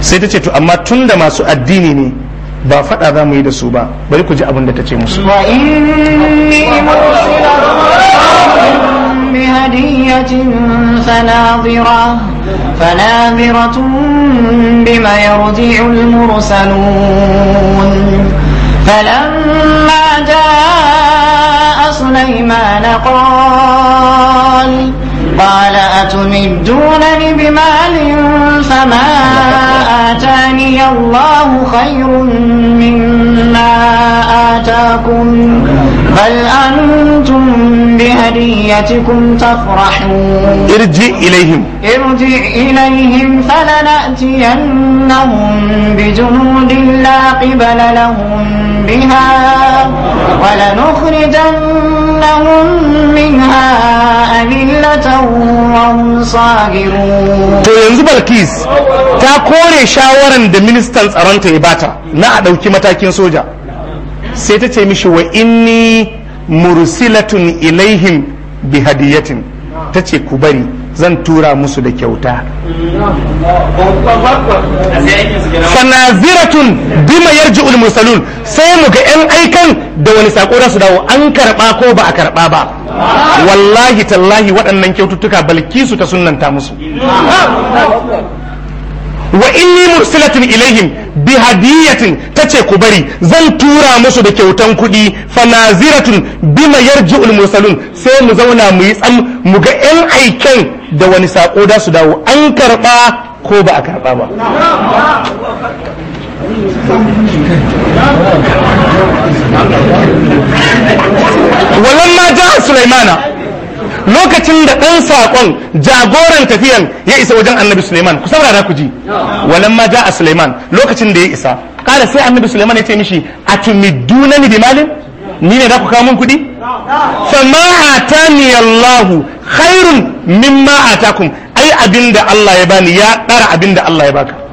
sai ta ce to amma tunda masu addini ne ba faɗa za mu yi da su ba bari ku ji abin da ta ce musu بهدية فناظرة فناظرة بما يرجع المرسلون فلما جاء سليمان قال قال أتمدونني بمال فما آتاني الله خير لكم بل أنتم بهديتكم تفرحون ارجع إليهم ارجع إليهم فلنأتينهم بجنود لا قبل لهم بها ولنخرجنهم منها أذلة وهم صاغرون to yanzu Balkis ta kore shawaran da ministan tsaronta ya bata na a ɗauki matakin soja sai ta ce mishi wa inni mursilatun ilaihim bi hadiyatin ta ce ku bari zan tura musu da kyauta fanaziratun bima yarji ulmursalun sai mu ga yan aikan da wani sako da su dawo an karba ko ba a karba ba wallahi tallahi waɗannan kyaututtuka su ta sunanta musu wa inni mursilatun ilaihim bi hadiyatin tace ku bari zan tura musu da kyautan kuɗi fanaziratun bima yarji'ul mursalun sai mu zauna mu yi tsam mu ga yan aiken da wani sako da su dawo an karba ko ba a karba ba walamma ja'a sulaimana lokacin da ɗan saƙon jagoran tafiyan ya isa wajen annabi suleiman ku saurara ku ji walamma ja a suleiman lokacin da ya isa kala sai annabi suleiman ya ce mishi a tumiduna ni bimalin ni ne za ku kawo min kuɗi fama atani allahu khairun mimma atakum ai abinda allah ya bani ya ɗara abinda allah ya baka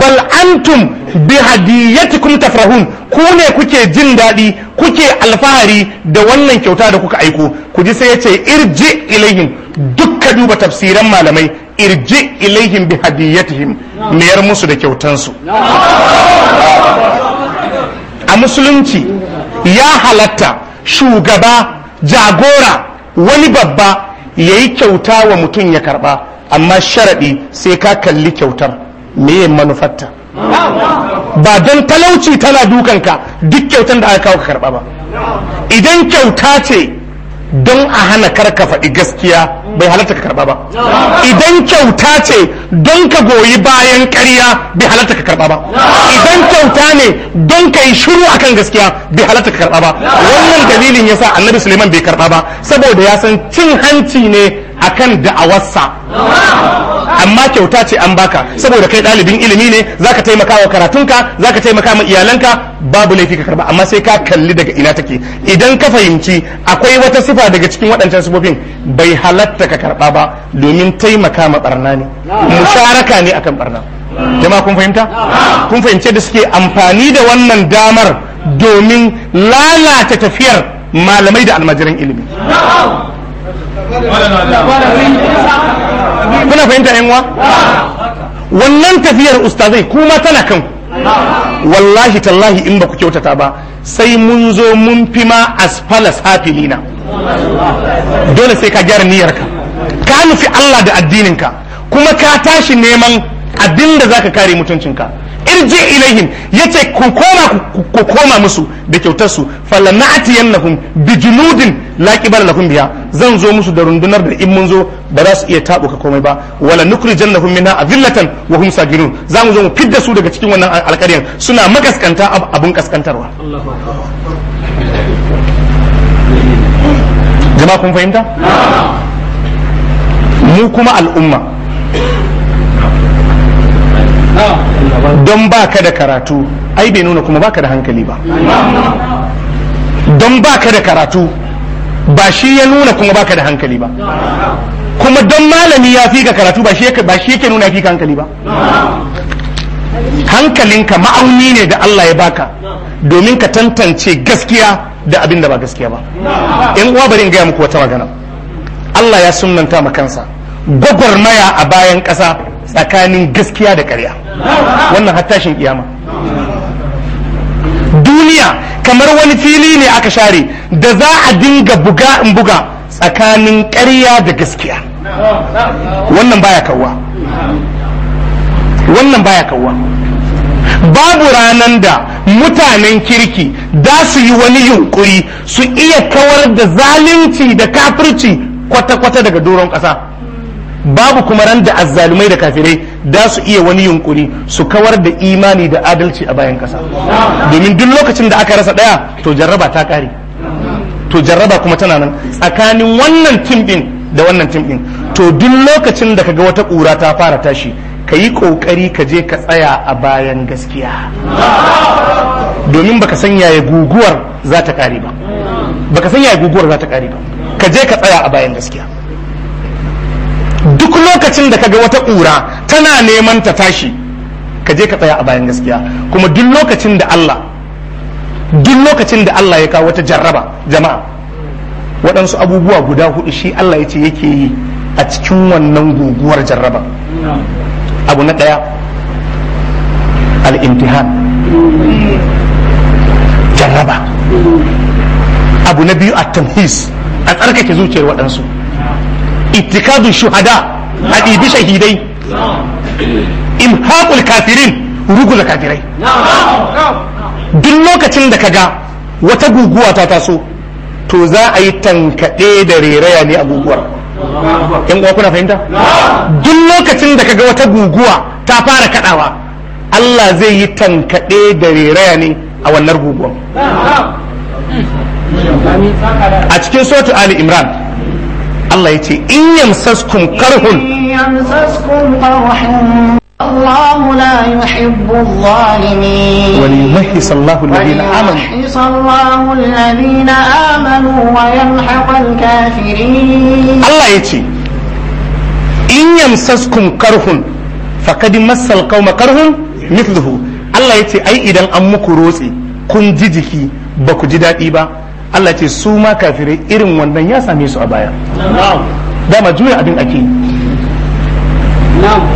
bal antum bi hadiyatikum tafrahun ku ne kuke jin daɗi kuke alfahari da wannan kyauta da kuka aiko ku ji sai yace irji ilaihim dukka duba tafsiran malamai irji ilaihim bi hadiyatihim mayar musu da kyautansu a musulunci ya halatta shugaba jagora wani babba yayi kyauta wa mutum ya karba amma sharaɗi sai ka kalli kyautar meye manufarta ba don talauci tana dukanka duk kyautan da aka kawo ka karba ba idan kyauta ce don a hana karka faɗi gaskiya bai halatta ka karba ba idan kyauta ce don ka goyi bayan ƙarya bai halatta ka karba ba idan kyauta ne don ka yi shiru akan gaskiya bai halatta ka karba ba wannan dalilin yasa annabi suleiman bai karba ba saboda ya san cin hanci ne akan da'awarsa amma kyauta ce an baka saboda kai ɗalibin ilimi ne zaka taimaka wa karatunka zaka taimaka ma iyalanka babu laifi ka karba amma sai ka kalli daga ina take idan ka fahimci akwai wata sifa daga cikin waɗancan sifofin bai halatta ka karba ba domin taimaka ma barna ne musharaka ne akan barna jama'a kun fahimta kun fahimce da suke amfani da wannan damar domin lalata tafiyar malamai da almajiran ilimi kuna fahimta yan uwa wannan tafiyar ustazai kuma tana kan wallahi tallahi in ba ku kyautata ba sai mun zo mun fi ma asfala safilina dole sai ka gyara niyyarka ka nufi Allah da addininka kuma ka tashi neman abin da zaka kare mutuncinka irji ilaihim yace ku koma ku koma musu da kyautar su bi junudin la qibala lakum biya zan zo musu da rundunar da in mun zo ba za su iya tabuka komai ba wala nukrijannahum minha azillatan wa hum sagirun za mu zo mu fidda su daga cikin wannan alƙaryan suna makaskanta abun kaskantarwa jama'a kun fahimta mu kuma al'umma don ba ka da karatu ai bai nuna kuma ba ka da hankali ba don ba ka da karatu ba shi ya nuna kuma ba ka da hankali ba kuma don malami ya fi ka karatu ba shi yake nuna fi ka hankali ba hankalinka ma'auni ne da Allah ya baka domin ka tantance gaskiya da abin da ba gaskiya ba yan uwa bari in gaya muku wata magana Allah ya sunanta ma kansa gwagwarmaya a bayan ƙasa tsakanin gaskiya da ƙarya wannan hattashin kiyama duniya kamar wani fili ne aka share da za a dinga buga in buga tsakanin ƙarya da gaskiya wannan baya kawwa wannan baya kawwa babu ranar da mutanen kirki da su yi wani yunkuri su iya kawar da zalunci da kafirci kwata-kwata daga doron ƙasa babu kuma ran da azzalumai da kafirai da su iya wani yunkuri su kawar da imani da adalci a bayan kasa domin duk lokacin da aka rasa daya to jarraba ta kare to jarraba kuma tana nan tsakanin wannan tim din da wannan tim din to duk lokacin da kaga wata kura ta fara tashi ka yi kokari ka je ka tsaya a bayan gaskiya domin baka san yaya guguwar za ta kare ba baka san yaya guguwar za ta kare ba ka je ka tsaya a bayan gaskiya duk lokacin da kaga wata ƙura tana neman ta tashi ka je ka tsaya a bayan gaskiya kuma duk lokacin da Allah duk lokacin da Allah ya kawo wata jarraba jama'a waɗansu abubuwa guda hudu shi Allah ya ce yake yi a cikin wannan guguwar jarraba abu na ɗaya al'intihan jarraba abu na biyu a tamhis a tsarkake zuciyar waɗansu itikadu shuhada a ɗibi shahidai imhaqul kafirin da kafirai duk lokacin da kaga wata guguwa ta taso to za a yi tankaɗe da reraya ne a guguwar yan uwa kuna fahimta duk lokacin da kaga wata guguwa ta fara kaɗawa Allah zai yi tankaɗe da reraya ne a wannan guguwar a cikin sotu Ali Imran Allah ya ce in yamsaskum karhun Allah la yuhibbu Allah wani mahi sallahu amanu Allah ya ce in yamsaskum karhun fakadi masal kauma karhun mithluhu Allah ya ce ai idan an muku rotse kun ji jiki baku ku ji daɗi ba Allah ce su ma kafirai irin wannan ya same su a baya dama juya abin ake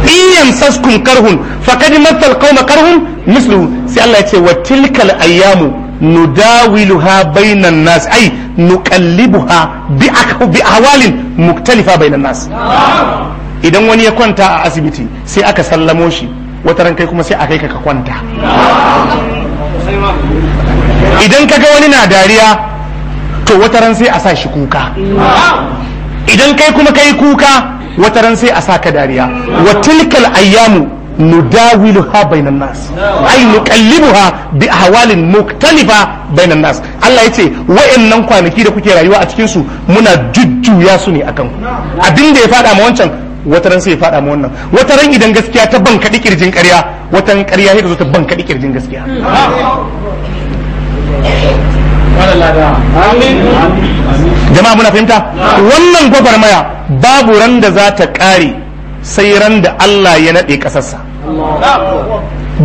iyan saskun karhun Fakadi masal qauma karhun mislu sai Allah ya ce wa tilkal ayyamu nudawiluha bainan nas ai nuqallibuha bi bi ahwalin muktalifa bainan nas idan wani ya kwanta a asibiti sai aka sallamo shi wata ran kai kuma sai a kai ka kwanta idan kaga wani na dariya ce wata ran sai a sa shi kuka idan kai kuma kai kuka wata ran sai a sa ka dariya wa tilkal ayyamu nudawiluha bainan nas ay nuqallibuha bi ahwalin muktalifa bainan nas Allah yace wayannan kwanaki da kuke rayuwa a cikin su muna jujjuya su ne akan ku abinda ya fada ma wancan ran sai ya fada ma wannan wataran idan gaskiya ta ban kadi kirjin ƙarya watan ƙarya sai ta zo ta ban kadi gaskiya jama'a muna fahimta wannan gwagwarmaya babu ran da za ta ƙare sai ran da Allah ya naɗe ƙasarsa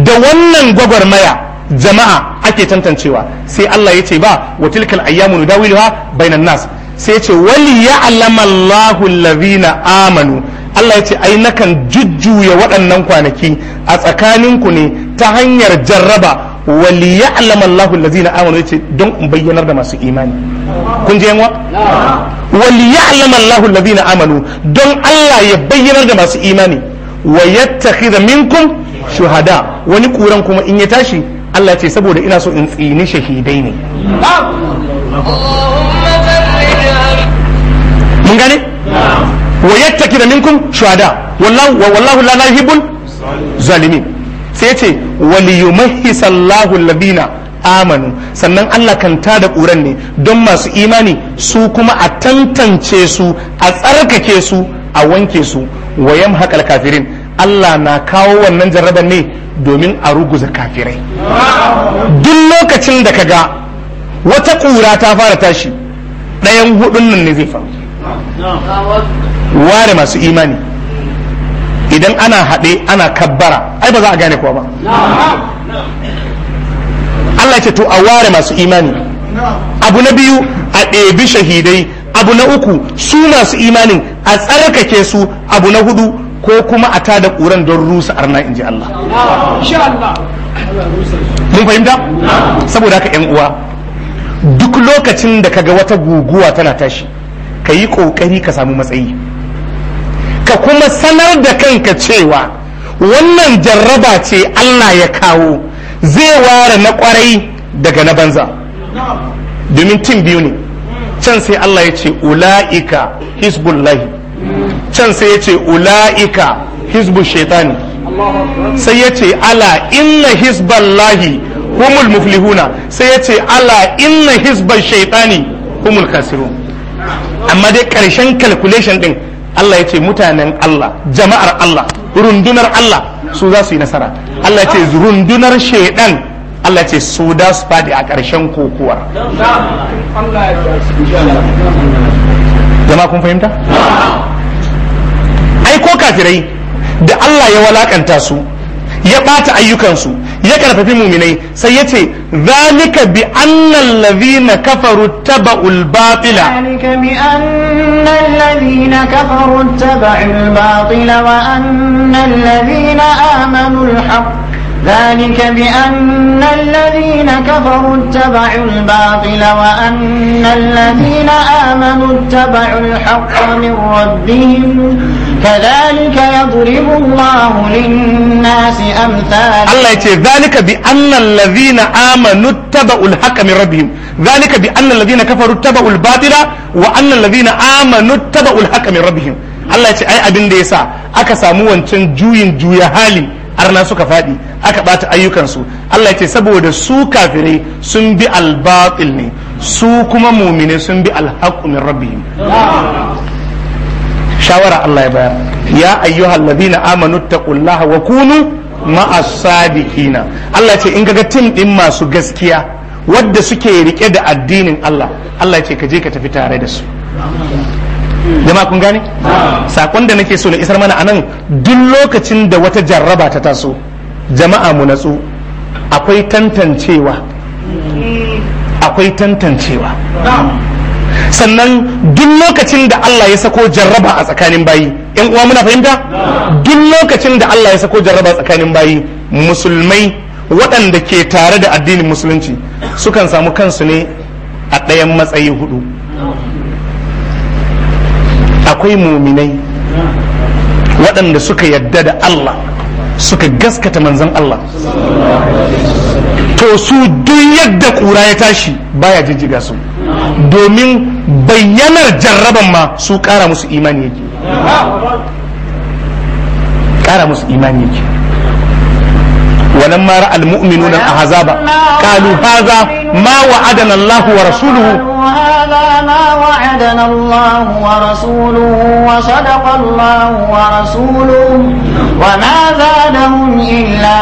da wannan gwagwarmaya jama'a ake tantancewa sai Allah ya ce ba wa tilkal ayyamu nudawiluha bainan nas sai ya ce wali ya'lamu Allahu allazina amanu Allah ya ce ai nakan jujjuya waɗannan kwanaki a tsakaninku ne ta hanyar jarraba wali ya'lam Allahu don bayyanar da masu imani kun je wa wali don Allah ya bayyanar da masu imani wa wani kuran in ya tashi Allah ce saboda ina so in tsini shahidai ne mun gane wa yattakhidha minkum shuhada wallahu wallahu la yuhibbul zalimin sai ce waliyumahhisallahu labina amanu sannan Allah kan tada ƙuran ne don masu imani su kuma a tantance su a tsarkake su a wanke su wayan haƙal kafirin Allah na kawo wannan jarraba ne domin a ruguza kafirai duk lokacin da ka ga wata ƙura ta fara tashi ɗayan hudun nan ne zai faru ware masu imani idan ana haɗe ana kabbara ai ba za a gane kuwa ba Allah ce to a ware masu imani abu na biyu a ɗebi shahidai abu na uku su masu imanin a tsarkake su abu na hudu ko kuma a tada ƙuran don rusa arna in ji Allah mun fahimta saboda haka yan uwa duk lokacin da kaga wata guguwa tana tashi ka yi ƙoƙari ka samu matsayi ka kuma sanar da kanka cewa wannan jarraba ce Allah ya kawo zai ware na kwarai daga na banza domin tim biyu ne can sai Allah ya ce ula'ika hizbullahi can sai ya ce ula'ika hizbu shaitani sai ya ce ala inna hizballahi humul muflihuna sai ya ce ala inna hizbar shaitani humul kasirun amma dai karshen calculation din Allah ya ce mutanen Allah jama'ar Allah rundunar Allah su za su yi nasara Allah ya ce rundunar shaidan Allah ya ce su da su fadi a ƙarshen kokuwar jama'a kun fahimta ai ko kafirai da Allah ya walakanta su ya ɓata ayyukansu ya ƙarfafi muminai sai ya ce zalika bi annal ladhina kafaru taba'ul batila zalika bi annal ladhina kafaru taba'ul batila wa annal ladhina amanu al ذلك بأن الذين كفروا اتبعوا الباطل وأن الذين آمنوا اتبعوا الحق من ربهم كذلك يضرب الله للناس أمثالا الله يتي ذلك بأن الذين آمنوا اتبعوا الحق من ربهم ذلك بأن الذين كفروا اتبعوا الباطل وأن الذين آمنوا اتبعوا الحق من ربهم الله يتي أي أبن ديسا أكسامو وانتن جوين جويا هالي arna suka faɗi aka ɓata ayyukansu Allah ce saboda su kafirai sun bi albatil ne su kuma mumine sun bi alhaqqu min rabbihim shawara Allah ya bayar ya ayyuhal ladina amanu taqullaha wa kunu ma'as Allah ce in kaga tim din masu gaskiya wadda suke rike da addinin Allah Allah ce ka je ka tafi tare da su jama'a kun gane sakon da nake so na isar mana anan duk lokacin da wata jarraba ta taso jama'a mu natsu akwai tantancewa akwai tantancewa sannan duk lokacin da Allah ya sako jarraba a tsakanin bayi yan uwa muna fahimta duk lokacin da Allah ya sako jarraba a tsakanin bayi musulmai waɗanda ke tare da addinin musulunci sukan samu kansu ne a ɗayan matsayi hudu akwai muminai waɗanda suka yadda da Allah suka gaskata manzan Allah to su duk yadda ƙura ya tashi baya jijjiga su domin bayyanar jarraban ma su ƙara musu imani yake ƙara musu imani yake walamma ra'al mu'minuna ahzaba qalu hadha ma wa'adana Allahu wa rasuluhu هذا ما وعدنا الله ورسوله وصدق الله ورسوله وما زادهم إلا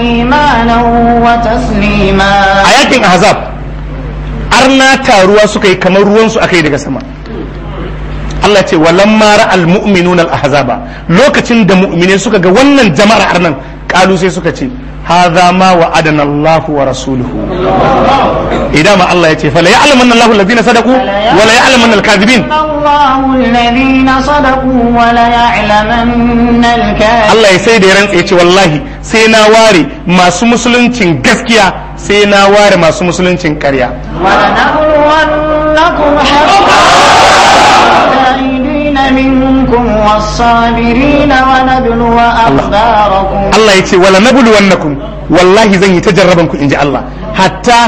إيمانا وتسليما آيات أحزاب أرنا تاروا سكي كما روان سكي دقا سما Allah ce walamma ra'al mu'minuna al-ahzaba lokacin da mu'mine suka ga wannan jama'ar arnan kalu sai suka ce hadha ma wa adana Allah wa rasuluhu idan ma Allah ya ce fala ya'lamanna Allahu alladhina sadaku, wa la ya'lamanna al-kadhibin Allahu alladhina sadaqu wa la Allah sai da ya rantsa yace wallahi sai na ware masu musuluncin gaskiya sai na ware masu musuluncin ƙarya wa nahru annakum hatta منكم والصابرين ونبلو أخباركم الله يتي ولا نبلو أنكم والله زي تجربنكم إن الله حتى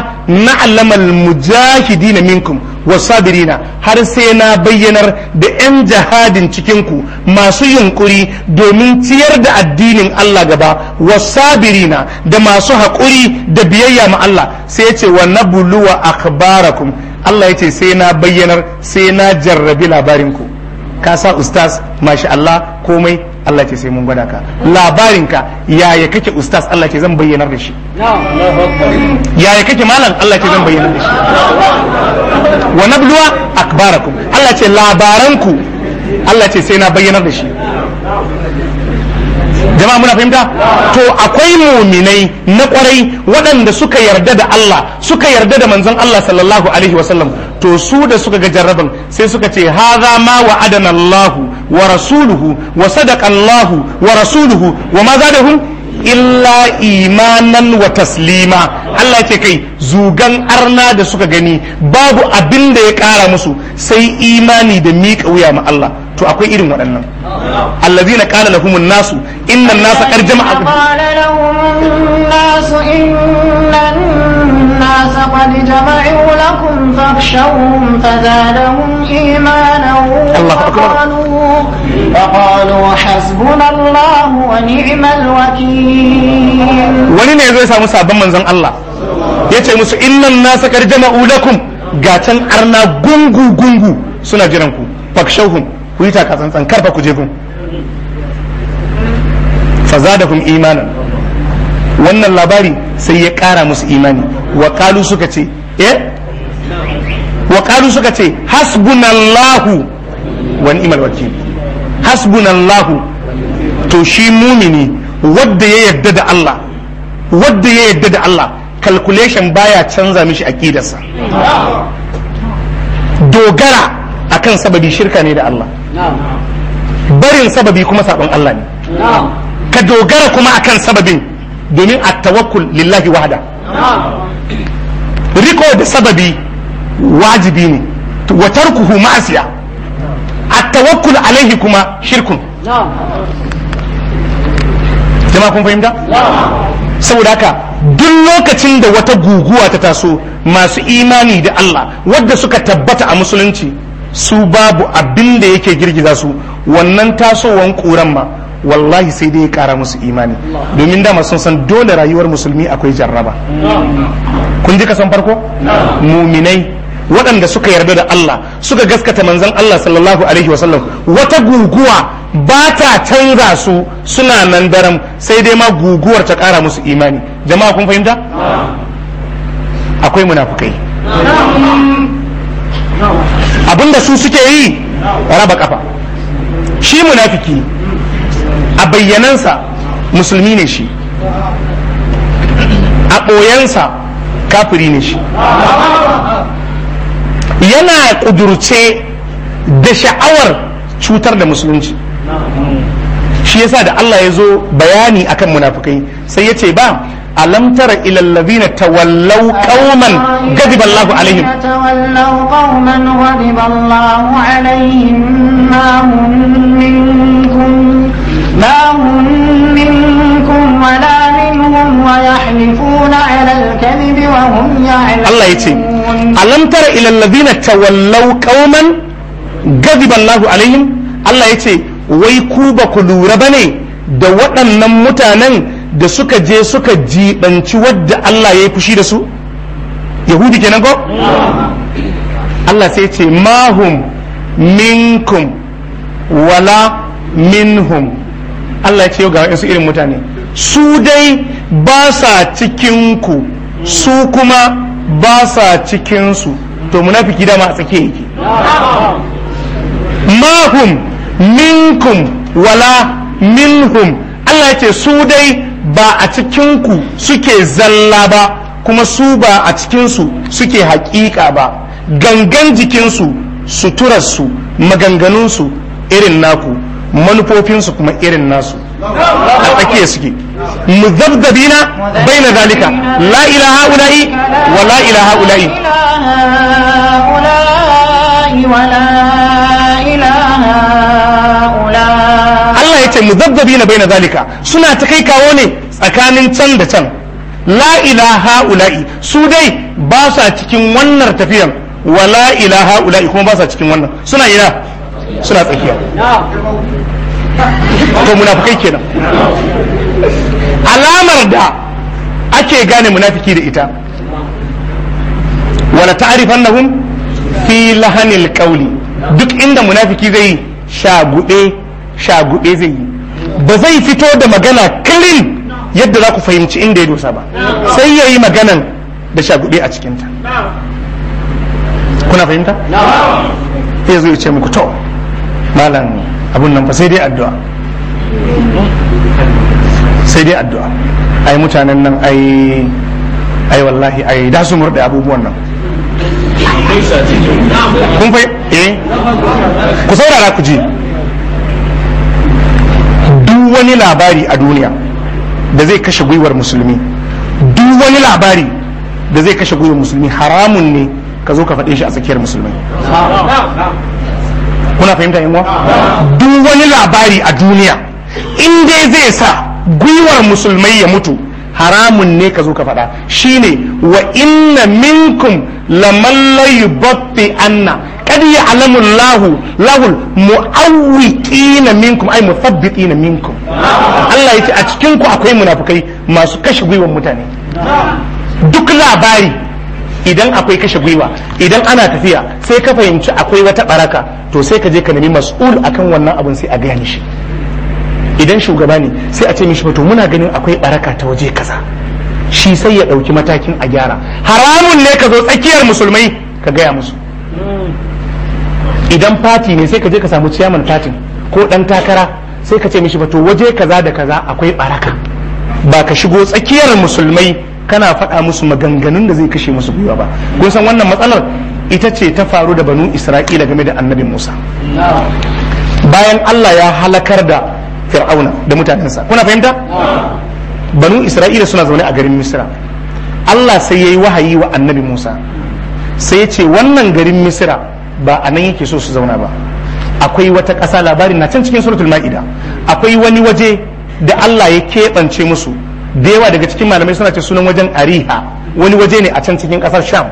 نعلم المجاهدين منكم wasabirina har sai na bayyanar da 'yan jihadin cikinku masu yunkuri domin ciyar da addinin Allah gaba wasabirina da masu haƙuri da biyayya ma Allah sai ya ce wa nabluwa akhbarakum Allah ya ce sai na bayyanar sai na jarrabi labarinku ka sa ustaz mashi Allah komai Allah ce sai mun gwada ka labarinka yaya kake ustaz Allah ce zan bayyanar da shi yaya kake malam Allah ce zan bayyanar da shi wa nabluwa akbarakum Allah ce labaranku Allah ce sai na bayyanar da shi jama'a muna fahimta to akwai muminai na kwarai waɗanda suka yarda da Allah suka yarda da manzon Allah sallallahu alaihi wasallam to su da suka ga jarraban sai suka ce hadha ma wa'adana Allah wa rasuluhu wa sadaqa Allah wa rasuluhu wa ma zadahum illa imanan wa taslima Allah ya ce kai zugan arna da suka gani babu abin da ya kara musu sai imani da miƙa wuya ma Allah to akwai irin waɗannan allazina qala lahumun nasu innan nasa qad jama'a qala الناس قد جمعوا لكم فاخشوهم فزادهم إيمانا وقالوا, Allah ya ce musu innan nasa kar jama'u lakum gatan arna gungu gungu suna jiran ku fakshauhum ku yi taka tsantsan karfa ku je gun fazadakum imanan wannan labari sai ya ƙara musu imani wa suka ce eh wa suka ce hasbunallahu wa ni'mal wakil hasbunallahu to shi mumini wadda ya yadda da Allah wadda ya yadda da Allah calculation baya canza mishi aƙidarsa dogara kan sababi shirka ne da Allah barin sababi kuma saɓon Allah ne ka dogara kuma akan sababin domin a tawakkul lillahi wahada riko da sababi wajibi ne wa tarkuhu ma'asiya at tawakkul alaihi kuma shirkun jama kun fahimta saboda haka duk lokacin da wata guguwa ta taso masu imani da Allah wadda suka tabbata a musulunci su babu abin da yake girgiza su wannan tasowan ƙuran ma wallahi sai dai ya kara musu imani domin dama sun san dole rayuwar musulmi akwai jarraba kun ji kasan farko muminai waɗanda suka yarda da Allah suka gaskata manzon Allah sallallahu alaihi wasallam wata guguwa ba ta canza su suna nan daram sai dai ma guguwar ta kara musu imani jama'a kun fahimta akwai munafukai abinda su suke yi raba kafa shi munafiki a bayyanansa musulmi ne shi a ɓoyensa kafiri ne shi yana ƙudurce da sha'awar cutar da musulunci shi yasa da Allah ya zo bayani akan munafukai sai ya ce ba alam tara ila alladhina tawallaw qauman ghadiba Allah alaihim tawallaw qauman ghadiba Allah alaihim ma hum ما هم منكم ولا منهم ويحلفون على الكذب وهم يعلمون الله يتي ألم تر إلى الذين تولوا قوما غضب الله عليهم الله يتي ويكوب كلور بني da waɗannan mutanen da suka je suka jibanci wadda Allah ya yi fushi da su yahudi kenan ko Allah sai ce mahum minkum wala minhum Allah ya ce ga wasu irin mutane su dai ba sa cikin su kuma ba sa cikin su to munafiki dama a tsake yake mahum minkum wala minhum Allah ya ce su dai ba a cikinku suke zalla ba kuma su ba a cikinsu suke haƙiƙa ba gangan jikinsu suturarsu maganganunsu irin naku manufofinsu kuma irin nasu a tsakiya suke muzabdabina baina zalika la ilaha ula'i wa la ilaha ula'i Allah ya ce muzabdabina na zalika suna ta kai kawo ne tsakanin can da can la ilaha ula'i su dai ba sa cikin wannan tafiyan wa la ilaha ula'i kuma ba sa cikin wannan suna ina suna tsakiya to munafikai kenan alamar da ake gane munafiki da ita wala ta'rifannahum fi lahanil qawli duk inda munafiki zai shagude shagude zai yi ba zai fito da magana kalin yadda za ku fahimci inda ya dosa ba sai ya yi maganan da shagude a cikinta kuna fahimta? sai zai ce muku to malam abun nan fa sai dai addu'a sai dai addu'a ai mutanen nan ai ai wallahi ai da su murda abubuwan nan kun fa eh ku saurara ku ji duk wani labari a duniya da zai kashe gwiwar musulmi duk wani labari da zai kashe gwiwar musulmi haramun ne ka zo ka faɗe shi a tsakiyar musulmai kuna fahimta yin duk wani labari a duniya in dai zai sa gwiwar musulmai ya mutu haramun ne ka zo ka faɗa shine wa inna minkum laman la anna kad ya'lamu Allahu lahul na minkum ai ay na minkum Allah yace a cikin ku akwai munafukai masu kashe gwiwar mutane duk labari idan akwai kashe gwiwa idan ana tafiya sai ka fahimci akwai wata baraka to sai ka je ka nemi mas'ul akan wannan abun sai a gaya mishi idan shugaba ne sai a ce mishi to muna ganin akwai baraka ta waje kaza shi sai ya ɗauki matakin a gyara haramun ne ka zo tsakiyar musulmai ka gaya musu idan fati ne sai ka je ka samu ciyaman fatin ko ɗan takara sai ka ce mishi to waje kaza da kaza akwai baraka ba ka shigo tsakiyar musulmai kana faɗa musu maganganun da zai kashe musu gwiwa ba kun san wannan matsalar ita ce ta faru da banu isra'ila game da annabi musa bayan allah ya halakar da fir'auna da mutanensa kuna fahimta banu isra'ila suna zaune a garin misra allah sai ya yi wahayi wa annabi musa sai ya ce wannan garin Misira ba a nan yake so su zauna ba akwai wata ƙasa labarin na can cikin suratul ma'ida akwai wani waje da allah ya keɓance musu da yawa daga cikin malamai suna ce sunan wajen ariha wani waje ne a can cikin kasar sham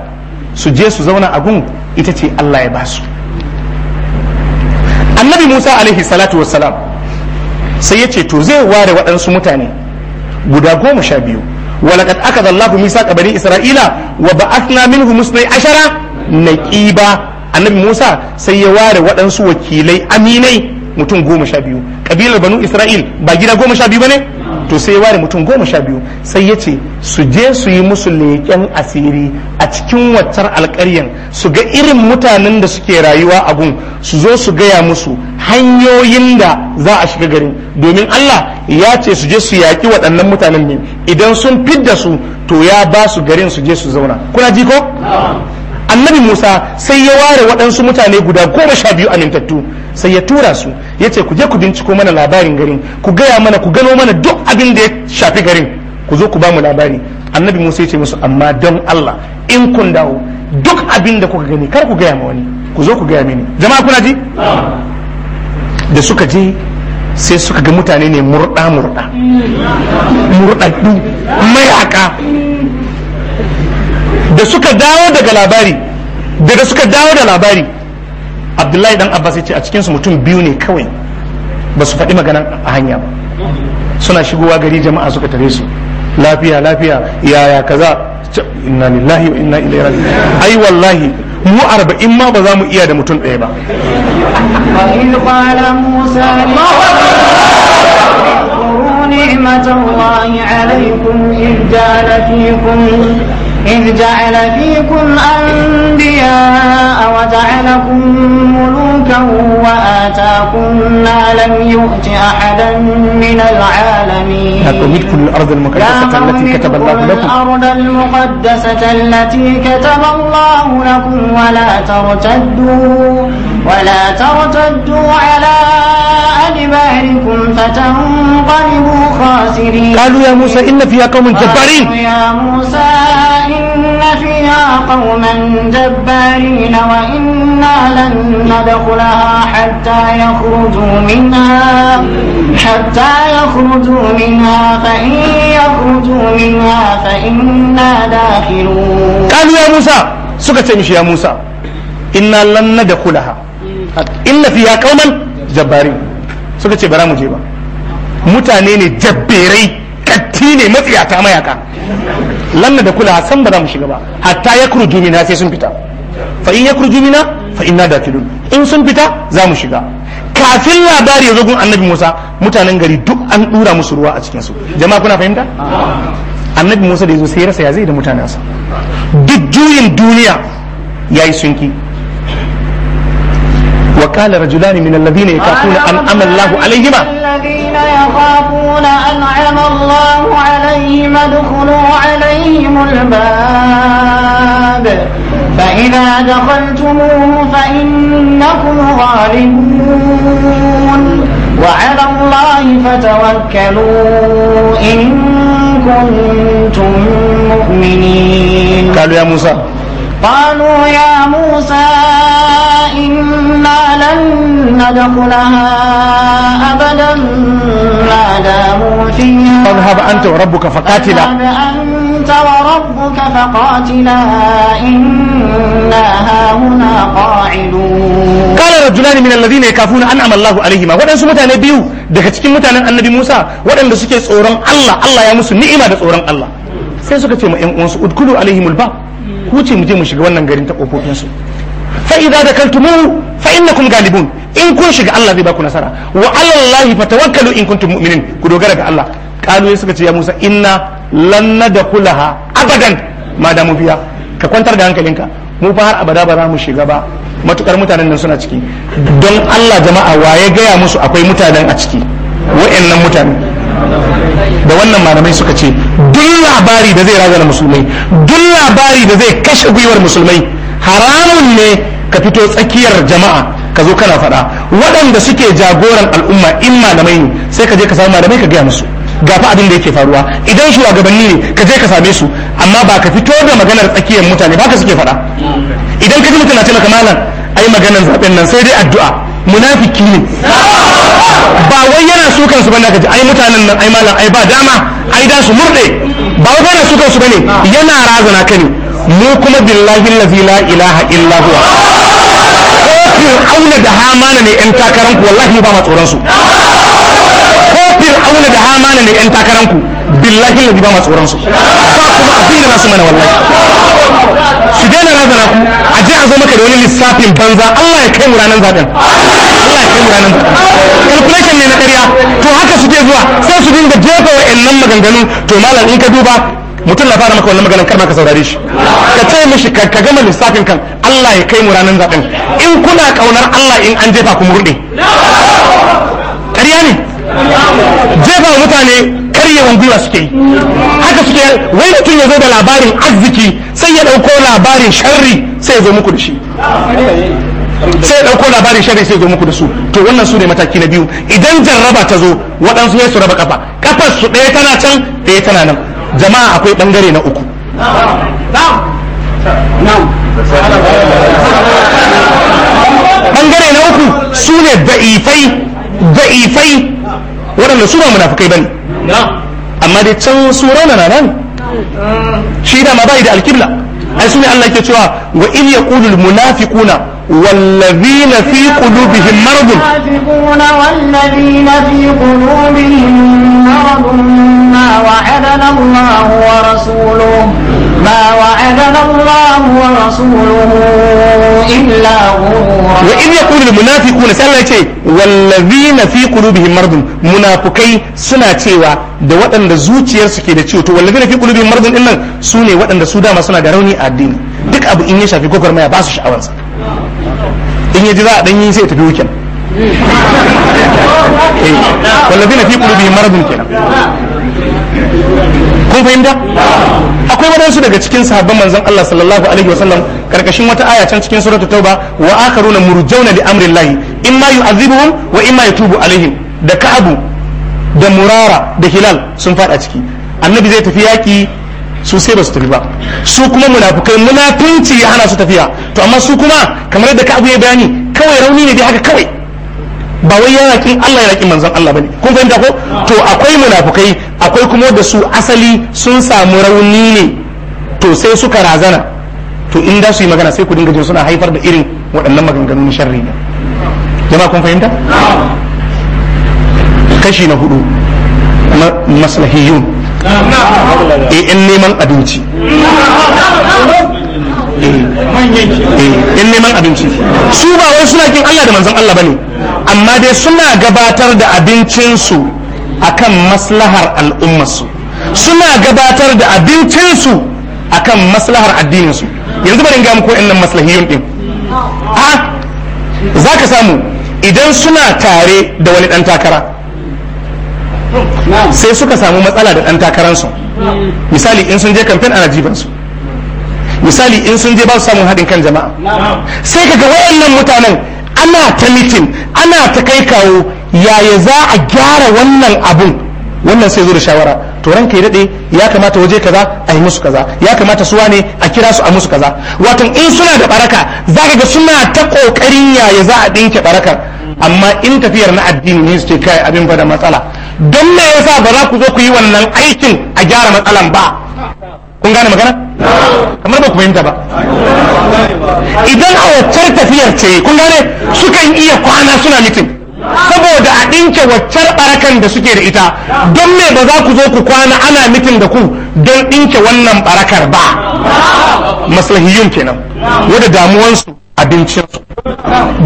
su je su zauna a gun ita ce allah ya ba su annabi musa alaihi salatu wassalam sai ya ce to zai ware waɗansu mutane guda goma sha biyu aka ولقد أخذ الله ميثاق بني إسرائيل وبعثنا musnai ashara na ƙiba annabi Musa sai ya ware waɗansu wakilai aminai mutum goma sha biyu kabilar banu isra'il ba gida goma sha biyu ba ne to sai ware mutum goma sha biyu sai ya ce su je su yi musu leƙen asiri a cikin waccar alƙaryan su ga irin mutanen da suke rayuwa a gun su zo su gaya musu hanyoyin da za a shiga garin domin Allah ya ce su je su yaƙi waɗannan mutanen ne idan sun fidda su to ya ba su garin su je su zauna kuna ji ko annabi musa sai ya ware waɗansu mutane guda goma sha biyu amintattu sai ya tura su ya ce ku je ku binciko mana labarin garin ku gaya mana ku gano mana duk abin da ya shafi garin ku zo ku ba mu labari annabi musa ya ce musu amma don allah in kun dawo duk abin da kuka gani kar ku gaya ma wani ku zo ku gaya mini jama'a kuna ji da suka je sai suka ga mutane ne murɗa murɗa murɗaɗɗu mayaka da suka dawo daga labari daga suka dawo da labari abdullahi dan abbas ya ce a cikinsu mutum biyu ne kawai ba su faɗi maganan a hanya ba suna shigowa gari jama'a suka tare su lafiya lafiya yaya kaza inna lillahi wa inna ilaihi raji'un ai wallahi mu arba'in ma ba za mu iya da mutum ɗaya ba نعمة الله عليكم إذ جعل فيكم إذ جعل فيكم أنبياء وجعلكم ملوكا وآتاكم ما لم يؤت أحدا من العالمين أتمدكم الأرض المقدسة التي كتب الله لكم الأرض المقدسة التي كتب الله لكم ولا ترتدوا ولا ترتدوا على أدباركم فتنقلبوا خاسرين قالوا يا موسى إن فيها قوم جبارين قالوا يا موسى إن فيها قوما جبارين وإنا لن ندخلها حتى يخرجوا منها حتى يخرجوا منها فإن يخرجوا منها فإنا داخلون قالوا يا موسى سكت يا موسى إنا لن ندخلها inna fiya kauman jabbari suka ce bara mu je ba mutane ne jabberai katti ne matsiyata mayaka lanna da kula san ba za mu shiga ba hatta ya kuru jumina sai sun fita fa in ya kuru jumina fa inna dakilun in sun fita za mu shiga kafin labari ya zo gun annabi Musa mutanen gari duk an dura musu ruwa a cikin su jama'a kuna fahimta annabi Musa da zo sai rasa ya zai da mutanensa duk juyin duniya yayi sunki وقال رجلان من الذين يخافون أن أنعم الله عليهما الذين يخافون أن أنعم الله عليهم ادخلوا عليهم الباب فإذا دخلتموه فإنكم غالبون وعلى الله فتوكلوا إن كنتم مؤمنين قالوا يا موسى قالوا يا موسى إنا لن ندخلها أبدا ما داموا فيها فاذهب أنت وربك فقاتلا أنت وربك فقاتلا إنا هاهنا قاعدون قال رجلان من الذين يكافون أنعم الله عليهما waɗansu mutane biyu daga cikin mutanen annabi Musa waɗanda suke tsoron Allah Allah ya musu ni'ima da tsoron Allah sai suka ce ma ƴan uwansu udkulu kuce mu je mu shiga wannan garin ta kofofin su fa idza dakaltumu fa innakum galibun in kun shiga Allah zai baku nasara wa ala Allah fatawakkalu in kuntum mu'minin ku dogara ga Allah kalu suka ce ya Musa inna lan nadkhulaha abadan ma biya ka kwantar da hankalinka mu fa har abada ba za mu shiga ba matukar mutanen nan suna ciki don Allah jama'a wa waye gaya musu akwai mutanen a ciki wa'annan mutanen da wannan malamai suka ce duk labari da zai razana musulmai duk labari da zai kashe gwiwar musulmai haramun ne ka fito tsakiyar jama'a ka zo kana faɗa waɗanda suke jagoran al'umma in malamai ne sai ka je ka samu malamai ka gaya musu gafa abin da yake faruwa idan shugabanni ne ka je ka same su amma ba ka fito da maganar tsakiyar mutane ba ka suke faɗa idan ka ji mutum na ce maka malam ai maganar zaɓen nan sai dai addu'a munafiki ne ba wai yana sukan su bane kaji ai mutanen nan ai malam ai ba dama ai da su murde ba wai yana sukan su bane yana razana kani. mu kuma billahi allazi la ilaha illa huwa auna da hamana ne yan takaran ku wallahi ba ma tsoron su ko auna da hamana ne yan takaran ku billahi allazi ba ma tsoron su ba kuma abin da su mana wallahi su daina razana ku a je a zo maka da wani lissafin banza Allah ya kai mu ranar zaben Allah ya kai mu ranar calculation ne na ƙarya to haka suke zuwa sai su dinga jefa ƴan maganganu to malam in ka duba mutum na fara maka wannan maganan kar ma ka saurare shi ka ce mishi ka gama lissafin kan Allah ya kai mu ranar zaben in kuna kaunar Allah in an jefa ku murɗe ƙarya ne jefa mutane karyewan gwiwa suke yi haka suke wai mutum ya zo da labarin arziki sai ya ɗauko labarin sharri sai ya zo muku da shi sai ya ɗauko labarin sharri sai ya zo muku da su to wannan su ne mataki na biyu idan jarraba ta zo waɗansu ya su raba kafa kafar su ɗaya tana can ɗaya tana nan jama'a akwai ɓangare na uku ɓangare na uku su ne da'ifai da'ifai waɗanda su ba munafukai bane amma dai can su raunana nan shi da ma bai da alkibla ai su ne Allah ke cewa wa in yaqulul munafiquna والذين في قلوبهم مرض والذين في قلوبهم مرض ما وعدنا الله ورسوله إلا غرورا وإذ يقول المنافقون سألنا والذين في قلوبهم مرض منافقين سنة تيوا da waɗanda zuciyarsu ke da ciwo to wallazina fi qulubihim maradun dinnan su ne waɗanda su dama suna da rauni a addini duk abu in ya shafi maya ba su sha'awarsa in ya ji za a ɗanyi sai tafi wuken wallazina fi qulubihim maradun kenan kun fahimta akwai wadansu daga cikin sahabban manzon Allah sallallahu alaihi wasallam karkashin wata aya can cikin suratul tauba wa akharuna murjauna li amrillahi imma yu'adhibuhum wa imma yatubu alaihim da ka'abu da murara da hilal sun fada ciki annabi zai tafi yaki su sai ba su tafi ba su kuma munafukai munafunci ya hana su tafiya to amma su kuma kamar yadda ka'abu ya bayani kawai rauni ne dai haka kawai ba wai yana kin Allah yana kin manzon Allah bane kun fahimta ko to akwai munafukai akwai kuma da su asali sun samu rauni ne to sai suka razana to in da su yi magana sai ku dinga jin suna haifar da irin waɗannan maganganun sharri ne jama'a kun fahimta kashi na hudu maslahiyun in eh, neman abinci Eh, in neman abinci su ba wai suna kin Allah da manzon Allah bane amma dai suna gabatar da abincinsu akan maslahar al'ummarsu suna gabatar da abincinsu akan maslahar addininsu yanzu bari ga muku nan maslahiyun din a za ka samu idan suna tare da wani dan takara sai suka samu matsala da dan takararsu misali in sun je kamfen ana jibansu misali in sun je ba su samun haɗin kan jama'a sai kaga wayannan mutanen ana ta mitin ana ta kai kawo yaya za a gyara wannan abun wannan sai zo da shawara to ranka ya daɗe ya kamata waje kaza a yi musu kaza ya kamata suwa ne a kira su a musu kaza watan in suna da baraka za ka ga suna ta ƙoƙarin yaya za a ɗinke barakar amma in tafiyar na addini ne su ce kai abin ba da matsala don me yasa ba za ku zo ku yi wannan aikin a gyara matsalan ba kun gane magana kamar ba ku fahimta ba idan a waccar tafiyar ce kun gane sukan iya kwana suna mitin saboda a ɗinke waccar barakan da suke da ita don me ba za ku zo ku kwana ana mitin da ku don ɗinke wannan barakar ba maslahiyun kenan wadda damuwansu abincinsu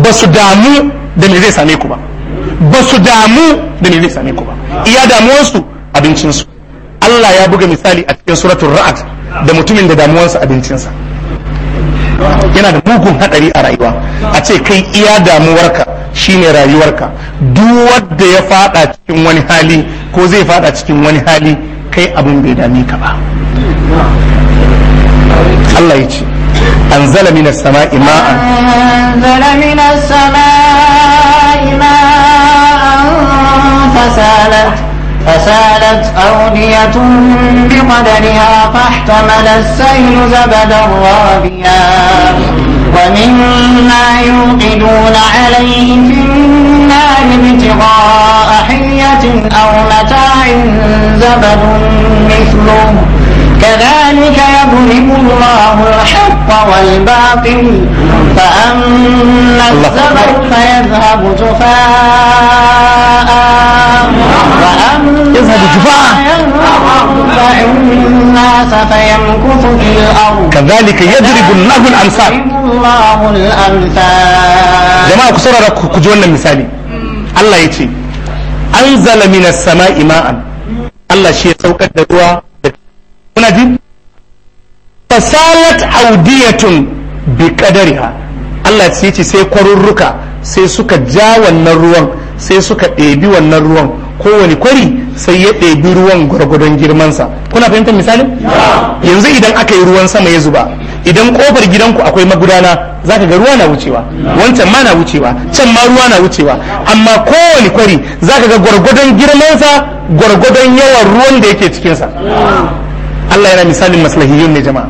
ba su damu da me zai same ku ba ba su damu da me zai same ku ba iya damuwansu abincinsu Allah ya buga misali a cikin suratul ra'ad da mutumin da damuwarsa abincinsa yana da mugun hadari a rayuwa a ce kai iya damuwarka shine rayuwarka duk wanda ya fada cikin wani hali ko zai fada cikin wani hali kai abin bai dame ka ba Allah ya ce an. من السماء ماء أنزل من السماء فسالت أودية بقدرها فاحتمل السيل زبدا رابيا ومما يوقدون عليه في النار ابتغاء حية أو متاع زبد مثله كذلك يضرب الله الحق والباطل فأما الزبد فيذهب جفاء yanzu da jufa ka zalika ya jiri gun nagun amsa jama'a ku saurara ku ji wannan misali Allah ya ce an zala mina sama ima'an Allah shi ya saukar da ruwa da kuna ji fasalat audiyatun bi ha. Allah ya ce sai kwarurruka sai suka ja wannan ruwan sai suka ɗebi wannan ruwan kowane kwari sai ya ɗebi ruwan gwargwadon girmansa kuna fahimtar misalin yanzu idan aka yi ruwan sama ya zuba idan kofar gidanku akwai magudana za ka ga ruwa na wucewa wancan ma na wucewa can ma ruwa na wucewa amma kowane kwari za ka ga gwargwadon girmansa gwargwadon yawan ruwan da yake cikinsa Allah yana misalin maslahiyun ne jama'a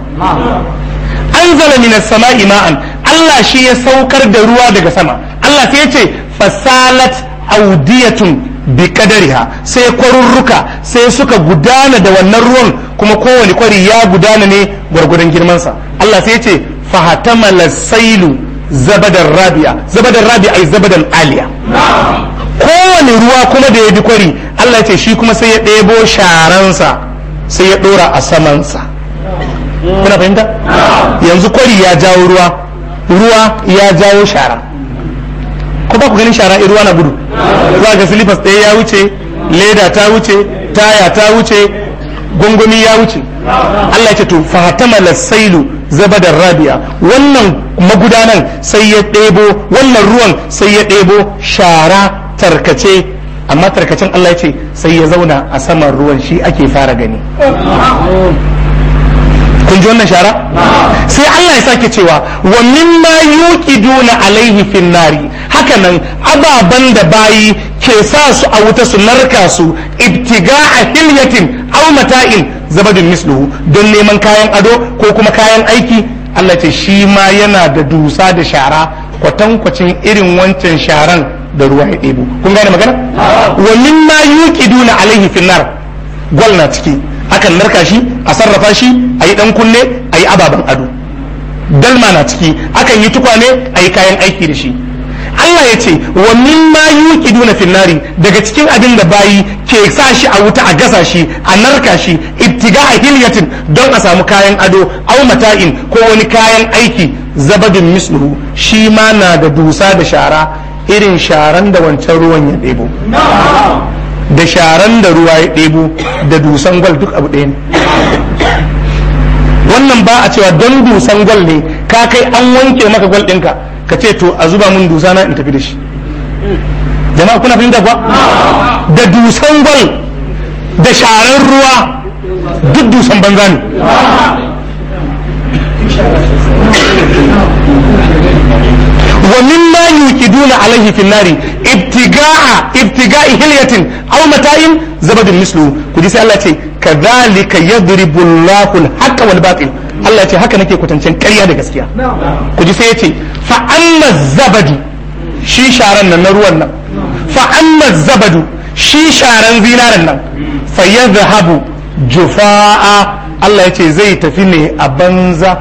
anzala minas sama'i ma'an Allah shi ya saukar da ruwa daga sama Allah sai ya ce fasalat audiyatun bi kadariha sai kwarurruka sai suka gudana da wannan ruwan kuma kowane kwari ya gudana ne gwargwadon girmansa Allah sai ce fahatamala sailu zabadan rabi'a zabadan rabi'a ai zabadan aliya kowane ruwa kuma da ya bi kwari Allah ya ce shi kuma sai ya ɗebo sharansa sai ya ɗora a samansa kuna fahimta yanzu kwari ya jawo ruwa ruwa ya jawo shara ko ba ku ganin shara ruwa na gudu za ga silifas ɗaya ya wuce leda ta wuce taya ta wuce gungumi ya wuce Allah ya ce to fahatama sailu da rabi'a wannan magudanan sai ya ɗebo wannan ruwan sai ya ɗebo shara tarkace amma tarkacen Allah ya ce sai ya zauna a saman ruwan shi ake fara gani kun ji wannan shara sai Allah ya sake cewa wa mimma yuqiduna alaihi fin nari haka nan ababan da bayi ke sa su a wuta su narka su ibtiga'a hilyatin aw mata'in zabadin misluhu don neman kayan ado ko kuma kayan aiki Allah ce shi ma yana da dusa da shara kwatankwacin irin wancan sharan da ruwa ya ɗebo kun gane magana wa mimma yuqiduna alaihi fin nar gwal na ciki akan narka shi a sarrafa shi a yi dan kunne a yi ababen ado dalma na ciki akan yi tukwane a yi kayan aiki da shi Allah ya ce wa mimma yuqiduna fin finari daga cikin abin da bayi ke sa shi a wuta a gasa shi a narka shi a hilyatin don a samu kayan ado aw mata'in ko wani kayan aiki zabadin misluhu shi ma na da dusa da shara irin sharan da wancan ruwan ya ɗebo da sharan da ruwa ya ɗebo da dusan gwal duk abu ɗaya ne wannan ba a cewa don dusan gwal ne ka kai an wanke maka gwal ɗinka ka ce to a zuba min dusa na in tafi da shi jama'a kuna fahimta kuwa da dusan gwal da sharan ruwa duk dusan banza ne wa mimma duna alaihi fin nari ibtiga'a ibtiga'i hilyatin aw mata'in zabadun mislu ku ji sai Allah kadhalika yadribu Allahu al-haqqa wal batil haka nake kwatancen karya da gaskiya ku ji sai zabadu shi nan na ruwan nan zabadu shi zinaran nan fa jufa'a Allah ya ce zai tafi ne a banza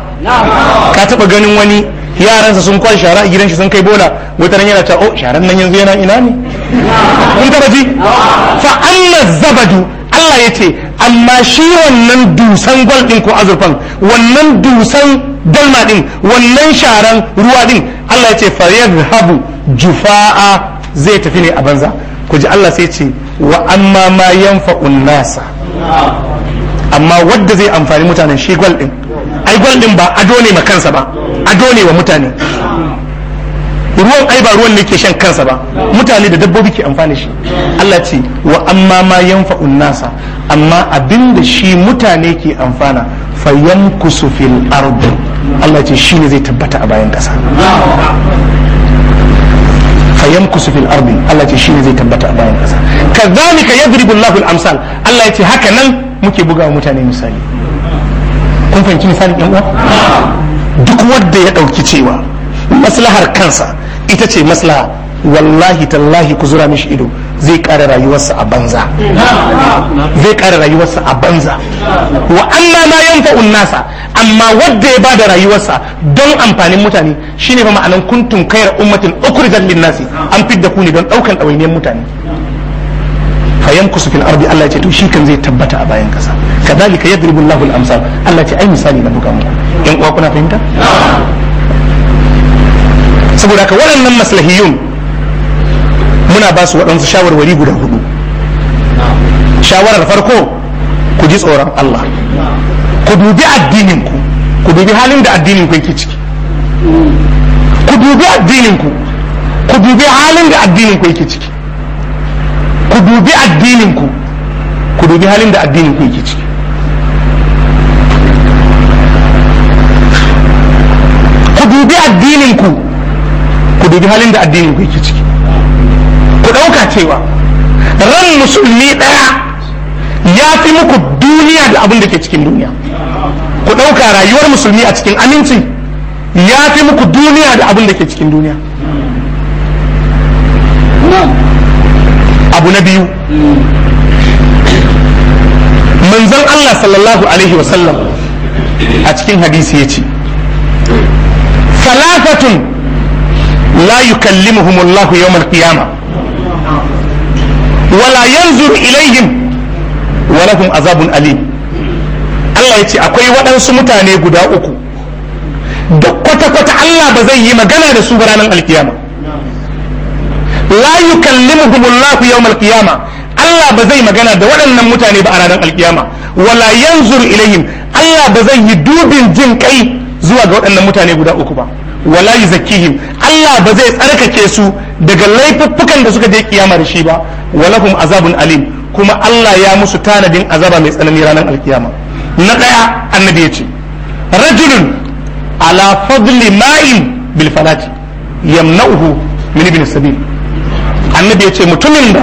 ka taba ganin wani yaransa sun kwashe shara a gidan shi sun kai bola wata yana ta oh sharan nan yanzu yana ina ne kun taba ji fa zabadu Allah ya ce amma shi wannan dusan gwal din ko azurfan wannan dusan dalma din wannan sharan ruwa din Allah ya ce fa yadhhabu jufa'a zai tafi ne a banza ku ji Allah sai ce wa amma ma yanfa'un nasa amma wadda zai amfani mutanen shi gwal din ai gwal din ba ado ne ma kansa ba ado ne wa mutane ruwan ai ba ruwan ne ke shan kansa ba mutane da dabbobi ke amfani shi Allah ce wa amma ma yanfa nasa amma abinda shi mutane ke amfana fa yankusu fil ardi Allah ce shi ne zai tabbata a bayan kasa fayankusu fil arbi Allah ce shi ne zai tabbata a bayan kasa kadhalika yadribu Allahu al-amsal Allah ce haka nan muke buga mutane misali kun fahimci misali ɗan uwa duk wanda ya ɗauki cewa maslahar kansa ita ce maslaha wallahi tallahi ku zura mishi ido zai ƙara rayuwarsa a banza zai ƙara rayuwarsa a banza wa amma ma yanfa nasa amma wanda ya bada rayuwarsa don amfanin mutane shine fa ma'anan kuntum kayar ummatin ukhrijat lin nasi an fidda ku ne don daukan ɗawainiyar mutane fayankusu fil ardi Allah ce to shi kan zai tabbata a bayan kasa kadhalika yadribu Allahu al-amsal Allah ya ce ai misali na buga muku yan uwa kuna fahimta saboda haka waɗannan maslahiyun muna ba su waɗansu shawarwari guda hudu shawarar farko ku ji tsoron Allah ku dubi addinin ku ku dubi halin da addinin ku yake ciki ku dubi addinin ku ku dubi halin da addinin ku yake ciki ku dubi addininku ku dubi halin da addininku yake ciki ku dubi addininku ku dubi halin da addininku yake ciki ku ɗauka cewa ran musulmi daya ya fi muku duniya da abin da ke cikin duniya ku ɗauka rayuwar musulmi a cikin aminci ya fi muku duniya da abin da ke cikin duniya abu na biyu manzon Allah sallallahu alaihi wasallam a cikin hadisi ya ce salafatun la yukallimuhum Allah yawm al-qiyamah wala yanzuru ilaihim wa lahum azabun alim Allah ya ce akwai waɗansu mutane guda uku da kwata-kwata Allah ba zai yi magana da su ranar alkiyama la yukallimuhum Allah yawm al-qiyama Allah ba zai magana da waɗannan mutane ba a ranar alkiyama wala yanzuru ilayhim Allah ba zai yi dubin jin kai zuwa ga waɗannan mutane guda uku ba wala yuzakkihim Allah ba zai tsarkake su daga laifuffukan da suka je kiyama da shi ba walakum azabun alim kuma Allah ya musu tanadin azaba mai tsanani ranar alkiyama na daya annabi ya ce rajulun ala fadli ma'in bil falati yamna'uhu min ibn sabil annabi ya ce mutumin da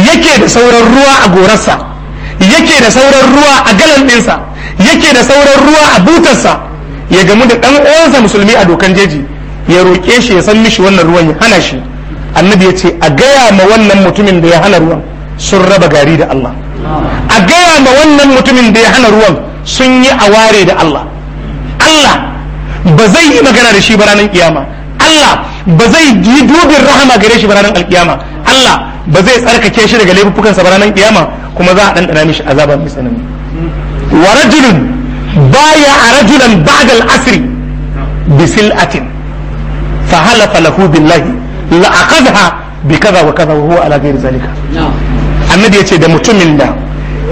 yake da sauran ruwa a gorarsa yake da sauran ruwa a galan ɗinsa yake da sauran ruwa a butarsa ya gamu da ɗan uwansa musulmi a dokan jeji ya roƙe shi ya san mishi wannan ruwan ya hana shi annabi ya ce a gaya ma wannan mutumin da ya hana ruwan sun raba gari da Allah a gaya ma wannan mutumin da ya hana ruwan sun yi aware da Allah Allah ba zai yi magana da shi ba ranar kiyama Allah ba zai yi dubin rahama gare shi ba alkiyama Allah ba zai tsarkake shi daga laifukansa ba ranar kiyama kuma za a ɗanɗana mishi azaba mai tsanani wa rajulun baya a rajulan ba'da al'asri sil'atin, fa halafa lahu billahi la aqadha bi kaza wa kaza wa huwa ala ghairi zalika annabi yace da mutumin da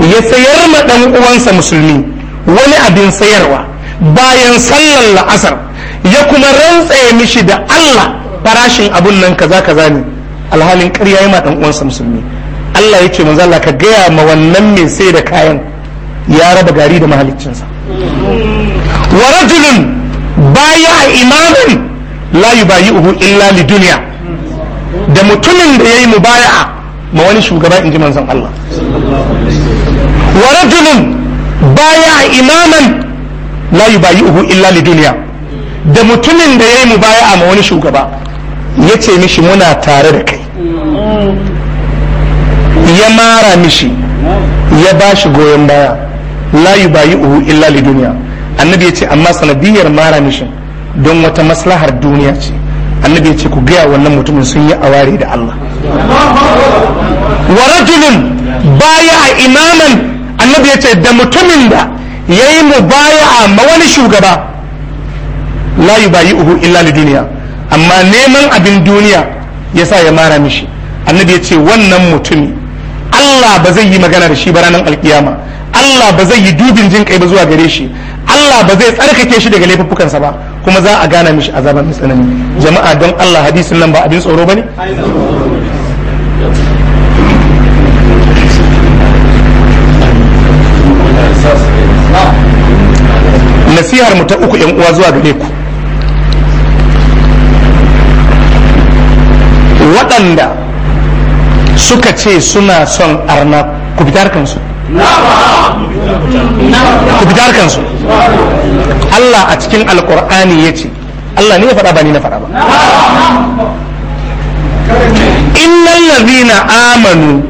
ya sayar ma dan uwansa musulmi wani abin sayarwa bayan sallar la'asar ya kuma rantsaye mishi da Allah farashin abun nan kaza kaza ne alhalin ƙarya ya ma dan uwansa musulmi Allah ya ce manzo Allah ka gaya ma wannan mai sai da kayan ya raba gari da mahaliccinsa wa rajulun baya imamin la yubayi'uhu illa li duniya da mutumin da yayi mubaya'a ma wani shugaba in ji manzon Allah wa rajulun baya imaman la yubayi'uhu illa li duniya da mutumin da ya yi mu a wani shugaba ya ce mishi muna tare da kai ya mara mishi ya ba shi goyon baya layu bayi uhu illa li duniya annabi ya ce amma sanadiyar mara mishi don wata maslahar duniya ce annabi ya ce ku gaya wannan mutumin sun yi aware da Allah wa rajulun baya a imaman annabi ya ce da mutumin da ya yi mu a wani shugaba la uhu illa li duniya amma neman abin duniya yasa ya mara mishi annabi ya ce wannan mutumi Allah ba zai yi magana da shi ba ranar alkiyama Allah ba zai yi dubin jin kai ba zuwa gare shi Allah ba zai tsarkake shi daga laifuffukansa ba kuma za a gana mishi azaban mai tsanani jama'a don Allah hadisin nan ba abin tsoro bane nasihar mu ta uku yan uwa zuwa gare ku waɗanda suka ce suna son arna ku fita harkansu ku fita harkansu Allah a cikin alkur'ani ya ce Allah ne ya faɗa ba ni na faɗa ba innal ladhina amanu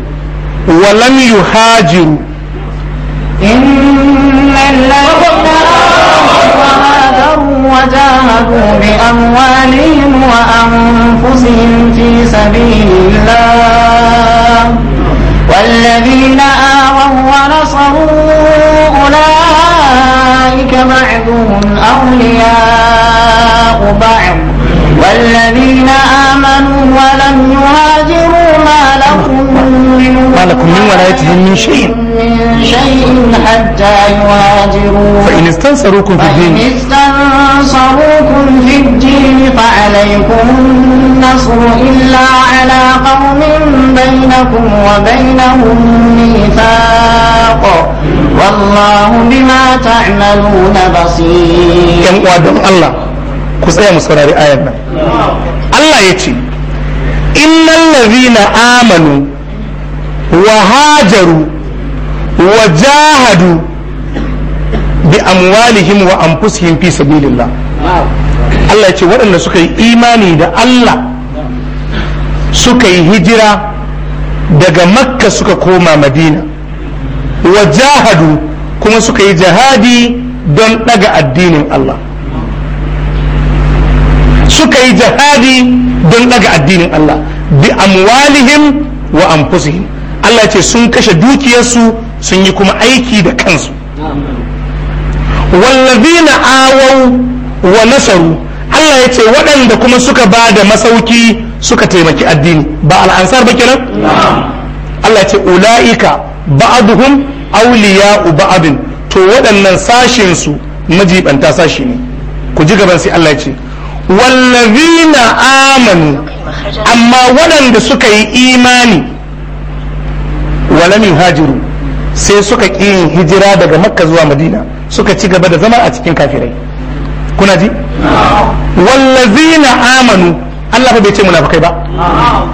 wa lam yuhajiru innal ladhina وجاهدوا بأموالهم وأنفسهم في سبيل الله والذين آووا ونصروا أولئك بعضهم أولياء بعض والذين آمنوا ولم يهاجروا ما لهم من ما لكم من ولايتهم من شيء من شيء حتى يهاجروا فإن استنصروكم في الدين فإن استنصروكم في الدين فعليكم النصر إلا على قوم بينكم وبينهم ميثاق والله بما تعملون بصير كم الله ku tsaya mu saurari ayar nan Allah ya ce innal ladhina amanu wa hajaru wa jahadu bi amwalihim wa anfusihim fi sabilillah Allah ya ce waɗanda suka yi imani da Allah suka yi hijira daga makka suka koma madina wa jahadu kuma suka yi jihadi don ɗaga addinin Allah suka yi jihadi don daga addinin Allah bi amwalihim wa anfusihim Allah ce sun kashe dukiyarsu sun yi kuma aiki da kansu wallazina awau wa nasaru Allah ya ce waɗanda kuma suka ba da masauki suka taimaki addini ba al'ansar ba kenan Allah ya ce ula'ika ba'aduhum awliya ba'adin to waɗannan sashin su majibanta sashi ne ku ji gaban sai Allah ya ce wallazina amanu amma waɗanda suka yi imani walamin hajiru sai suka ƙi hijira daga makka zuwa madina suka ci gaba da zama a cikin kafirai kuna ji wallazina amanu Allah bai ce munafikai ba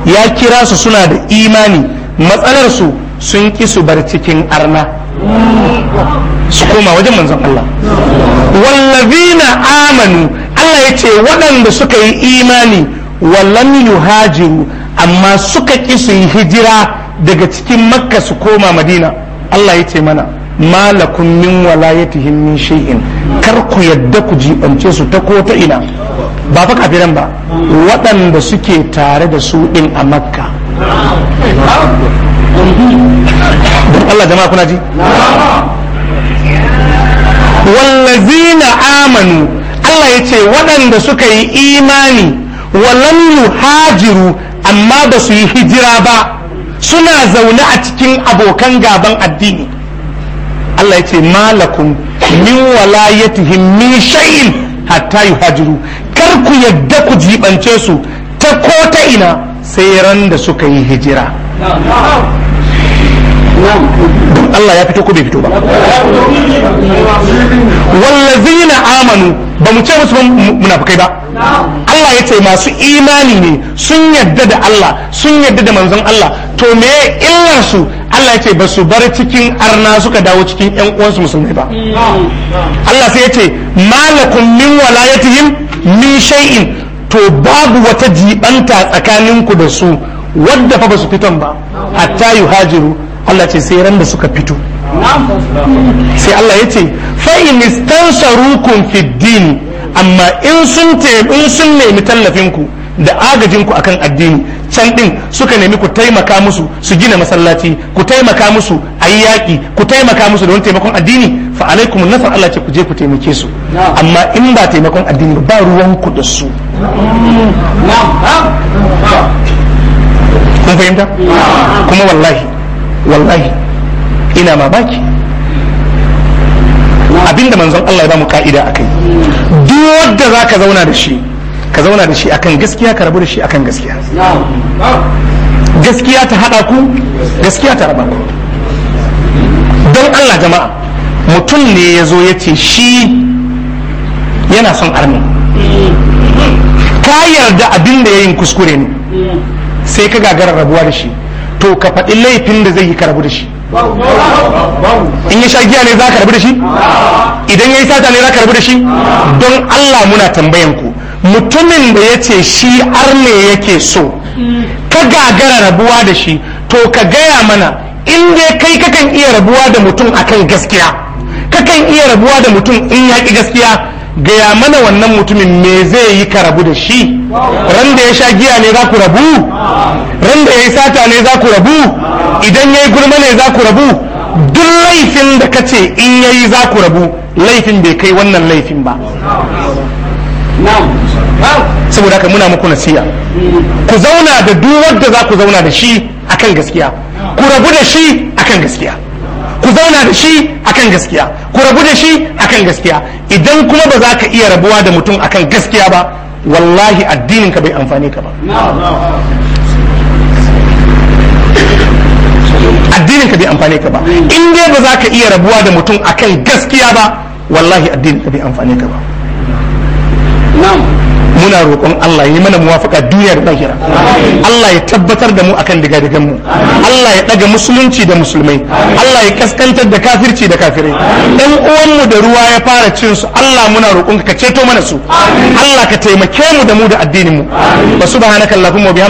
ya kira su suna da imani matsalar su sun ƙi su bar cikin arna su koma wajen manzon Allah na amanu Allah ya ce waɗanda suka yi imani wallan Hajiru amma suka ƙi su yi hijira daga cikin makka su koma madina Allah ya ce mana malakun min walayatihim min shay'in kar ku yadda ku jibance su ta ko ta ina ba fa kafiran ba waɗanda suke tare da su ɗin a makka don Allah jama'a kuna ji wallazina amanu Allah ya ce waɗanda suka yi imani walam hajiru amma ba su yi hijira ba suna zaune a cikin abokan gaban addini Allah ya ce malakum min walayatihim min shay'in hatta yuhajiru kar ku yadda ku jibance su ta ko ta ina sai ran da suka yi hijira Allah ya fito ko bai fito ba wallazina amanu ba mu ce musu munafikai ba Allah ya ce masu imani ne sun yadda da Allah sun yadda da manzon Allah to me illar su Allah ya ce ba su bar cikin arna suka dawo cikin yan uwansu musulmai ba Allah sai ya ce malakum min walayatihim min shay'in to babu wata jibanta tsakaninku da su wadda fa ba su fiton ba hatta hajiru, Allah ce sai ran da suka fito sai Allah ya ce fa in istansarukum amma in sun in sun nemi tallafinku da agajinku akan addini can din suka nemi ku taimaka musu su gina masallaci ku taimaka musu yi yaƙi ku taimaka musu da wani taimakon addini fa alaikum nasar Allah ce ku je ku taimake su amma in ba taimakon addini ba ruwan ku da su kun fahimta kuma wallahi wallahi ina ma baki. abinda manzon Allah ya ba mu ka'ida akai duk wanda zaka zauna da shi ka zauna da shi akan gaskiya ka rabu da shi akan gaskiya gaskiya ta hada ku gaskiya ta raba ku don Allah jama'a mutum ne ya zo ya ce shi yana son armi ka yarda abin da ya yin kuskure ne sai ka gagara rabuwa da shi to ka faɗi laifin da zai yi ka rabu da shi in ya sha giya ne za ka rabu da shi idan ya yi sata ne za ka rabu da shi don Allah muna tambayan ku mutumin da ya ce shi arne yake so ka gagara rabuwa da shi to ka gaya mana in dai kai kakan iya rabuwa da mutum akan gaskiya kakan iya rabuwa da mutum in yaƙi gaskiya gaya mana wannan mutumin me zai yi ka rabu da shi ran da ya sha giya ne za ku rabu ran da ya yi sata ne za ku rabu idan ya yi gulma ne za ku rabu duk laifin da ka ce in ya yi za ku rabu laifin bai kai wannan laifin ba saboda haka muna muku nasiya ku zauna da duk wadda za ku zauna da shi akan gaskiya ku rabu da shi akan gaskiya ku zauna da shi akan gaskiya ku rabu da shi akan gaskiya idan kuma ba za ka iya rabuwa da mutum akan gaskiya ba wallahi addinin ka bai amfane ka ba addinin ka bai amfane ka ba in dai ba za ka iya rabuwa da mutum akan gaskiya ba wallahi addinin ka bai amfane ka ba na'am muna roƙon Allah ya mana muwafaqa duniya da lahira Allah ya tabbatar da mu akan digadigan mu Allah ya ɗaga musulunci da musulmai Allah ya kaskantar da kafirci da kafirai ɗan uwanmu da ruwa ya fara cin su Allah muna roƙon ka ceto mana su Allah ka taimake mu da mu da addinin mu wa subhanakallahumma wa